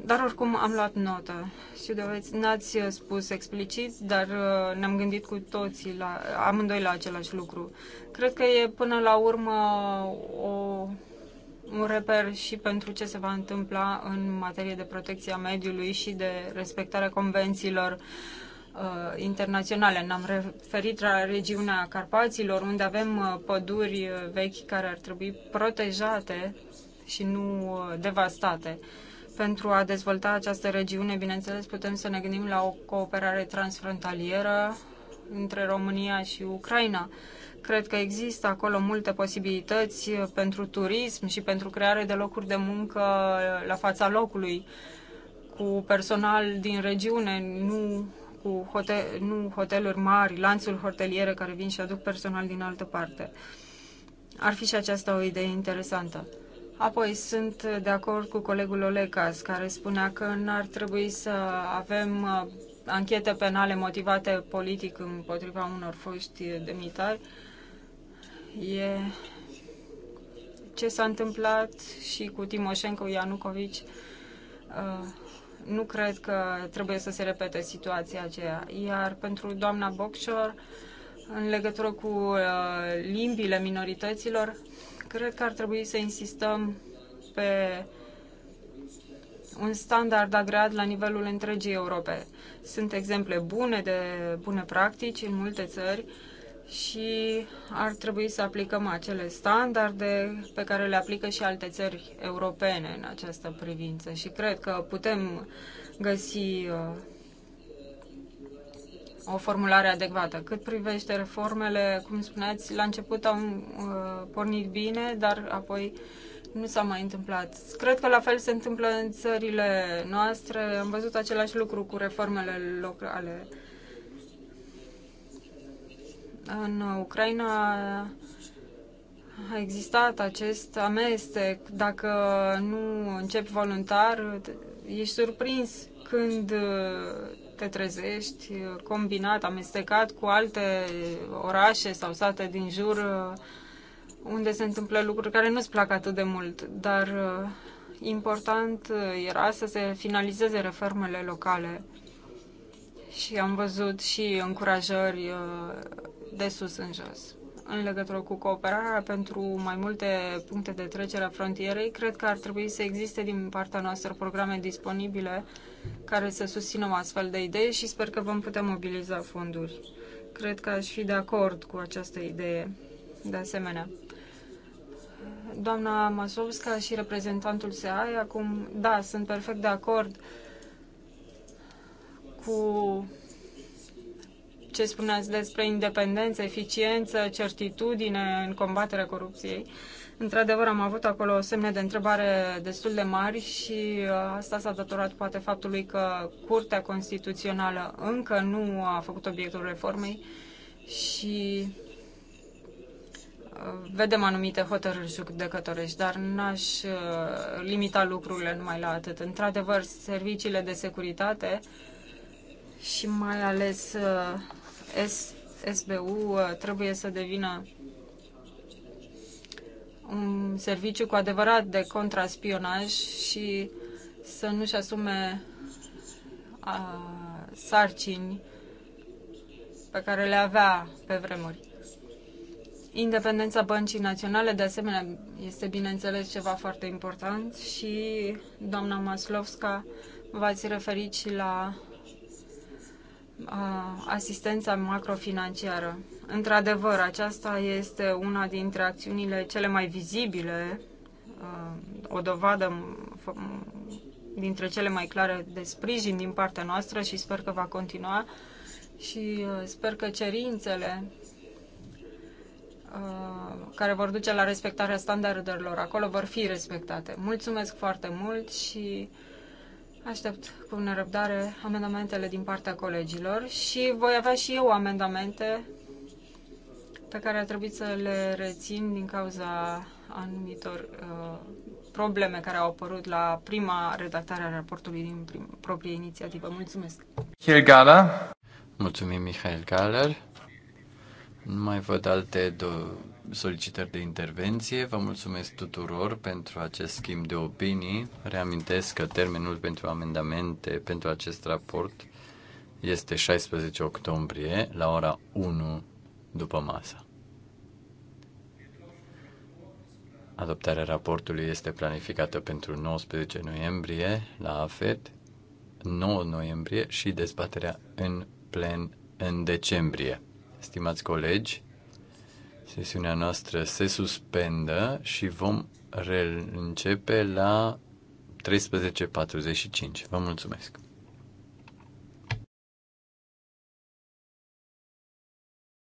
Dar oricum am luat notă. Știu n-ați spus explicit, dar uh, ne-am gândit cu toții, la, amândoi la același lucru. Cred că e până la urmă o un reper și pentru ce se va întâmpla în materie de protecție a mediului și de respectarea convențiilor uh, internaționale. Ne-am referit la regiunea Carpaților, unde avem uh, păduri uh, vechi care ar trebui protejate și nu devastate. Pentru a dezvolta această regiune, bineînțeles, putem să ne gândim la o cooperare transfrontalieră între România și Ucraina Cred că există acolo multe posibilități uh, pentru turism și pentru creare de locuri de muncă uh, la fața locului cu personal din regiune, nu cu hotel, nu hoteluri mari, lanțuri hoteliere care vin și aduc personal din altă parte. Ar fi și aceasta o idee interesantă. Apoi sunt de acord cu colegul Olecas, care spunea că n-ar trebui să avem uh, anchete penale motivate politic împotriva unor foști demnitari, e ce s-a întâmplat și cu Timoșenko Ianucovici. Uh, nu cred că trebuie să se repete situația aceea. Iar pentru doamna Bocșor, în legătură cu uh, limbile minorităților, cred că ar trebui să insistăm pe un standard agreat la nivelul întregii Europe. Sunt exemple bune de bune practici în multe țări și ar trebui să aplicăm acele standarde pe care le aplică și alte țări europene în această privință. Și cred că putem găsi uh, o formulare adecvată. Cât privește reformele, cum spuneați, la început au uh, pornit bine, dar apoi nu s-a mai întâmplat. Cred că la fel se întâmplă în țările noastre. Am văzut același lucru cu reformele locale în Ucraina a existat acest amestec. Dacă nu începi voluntar, ești surprins când te trezești combinat, amestecat cu alte orașe sau sate din jur unde se întâmplă lucruri care nu-ți plac atât de mult, dar important era să se finalizeze reformele locale. Și am văzut și încurajări de sus în jos. În legătură cu cooperarea pentru mai multe puncte de trecere a frontierei, cred că ar trebui să existe din partea noastră programe disponibile care să susțină o astfel de idee și sper că vom putea mobiliza fonduri. Cred că aș fi de acord cu această idee. De asemenea, doamna Masovska și reprezentantul SEAI acum, da, sunt perfect de acord cu ce spuneați despre independență, eficiență, certitudine în combaterea corupției. Într-adevăr, am avut acolo semne de întrebare destul de mari și uh, asta s-a datorat poate faptului că Curtea Constituțională încă nu a făcut obiectul reformei și uh, vedem anumite hotărâri judecătorești, dar n-aș uh, limita lucrurile numai la atât. Într-adevăr, serviciile de securitate și mai ales SBU uh, trebuie să devină un serviciu cu adevărat de contraspionaj și să nu-și asume a, uh, sarcini pe care le avea pe vremuri. Independența băncii naționale, de asemenea, este bineînțeles ceva foarte important și doamna Maslovska v-ați referit și la asistența macrofinanciară. Într-adevăr, aceasta este una dintre acțiunile cele mai vizibile, o dovadă dintre cele mai clare de sprijin din partea noastră și sper că va continua și sper că cerințele care vor duce la respectarea standardelor acolo vor fi respectate. Mulțumesc foarte mult și Aștept cu nerăbdare amendamentele din partea colegilor și voi avea și eu amendamente pe care a trebuit să le rețin din cauza anumitor uh, probleme care au apărut la prima redactare a raportului din prim, proprie inițiativă. Mulțumesc! Michael Gala. Mulțumim, Mihail Galer. Nu mai văd alte două solicitări de intervenție. Vă mulțumesc tuturor pentru acest schimb de opinii. Reamintesc că termenul pentru amendamente pentru acest raport este 16 octombrie la ora 1 după masă. Adoptarea raportului este planificată pentru 19 noiembrie la AFET, 9 noiembrie și dezbaterea în plen în decembrie. Stimați colegi, sesiunea noastră se suspendă și vom reîncepe la 13.45. Vă mulțumesc!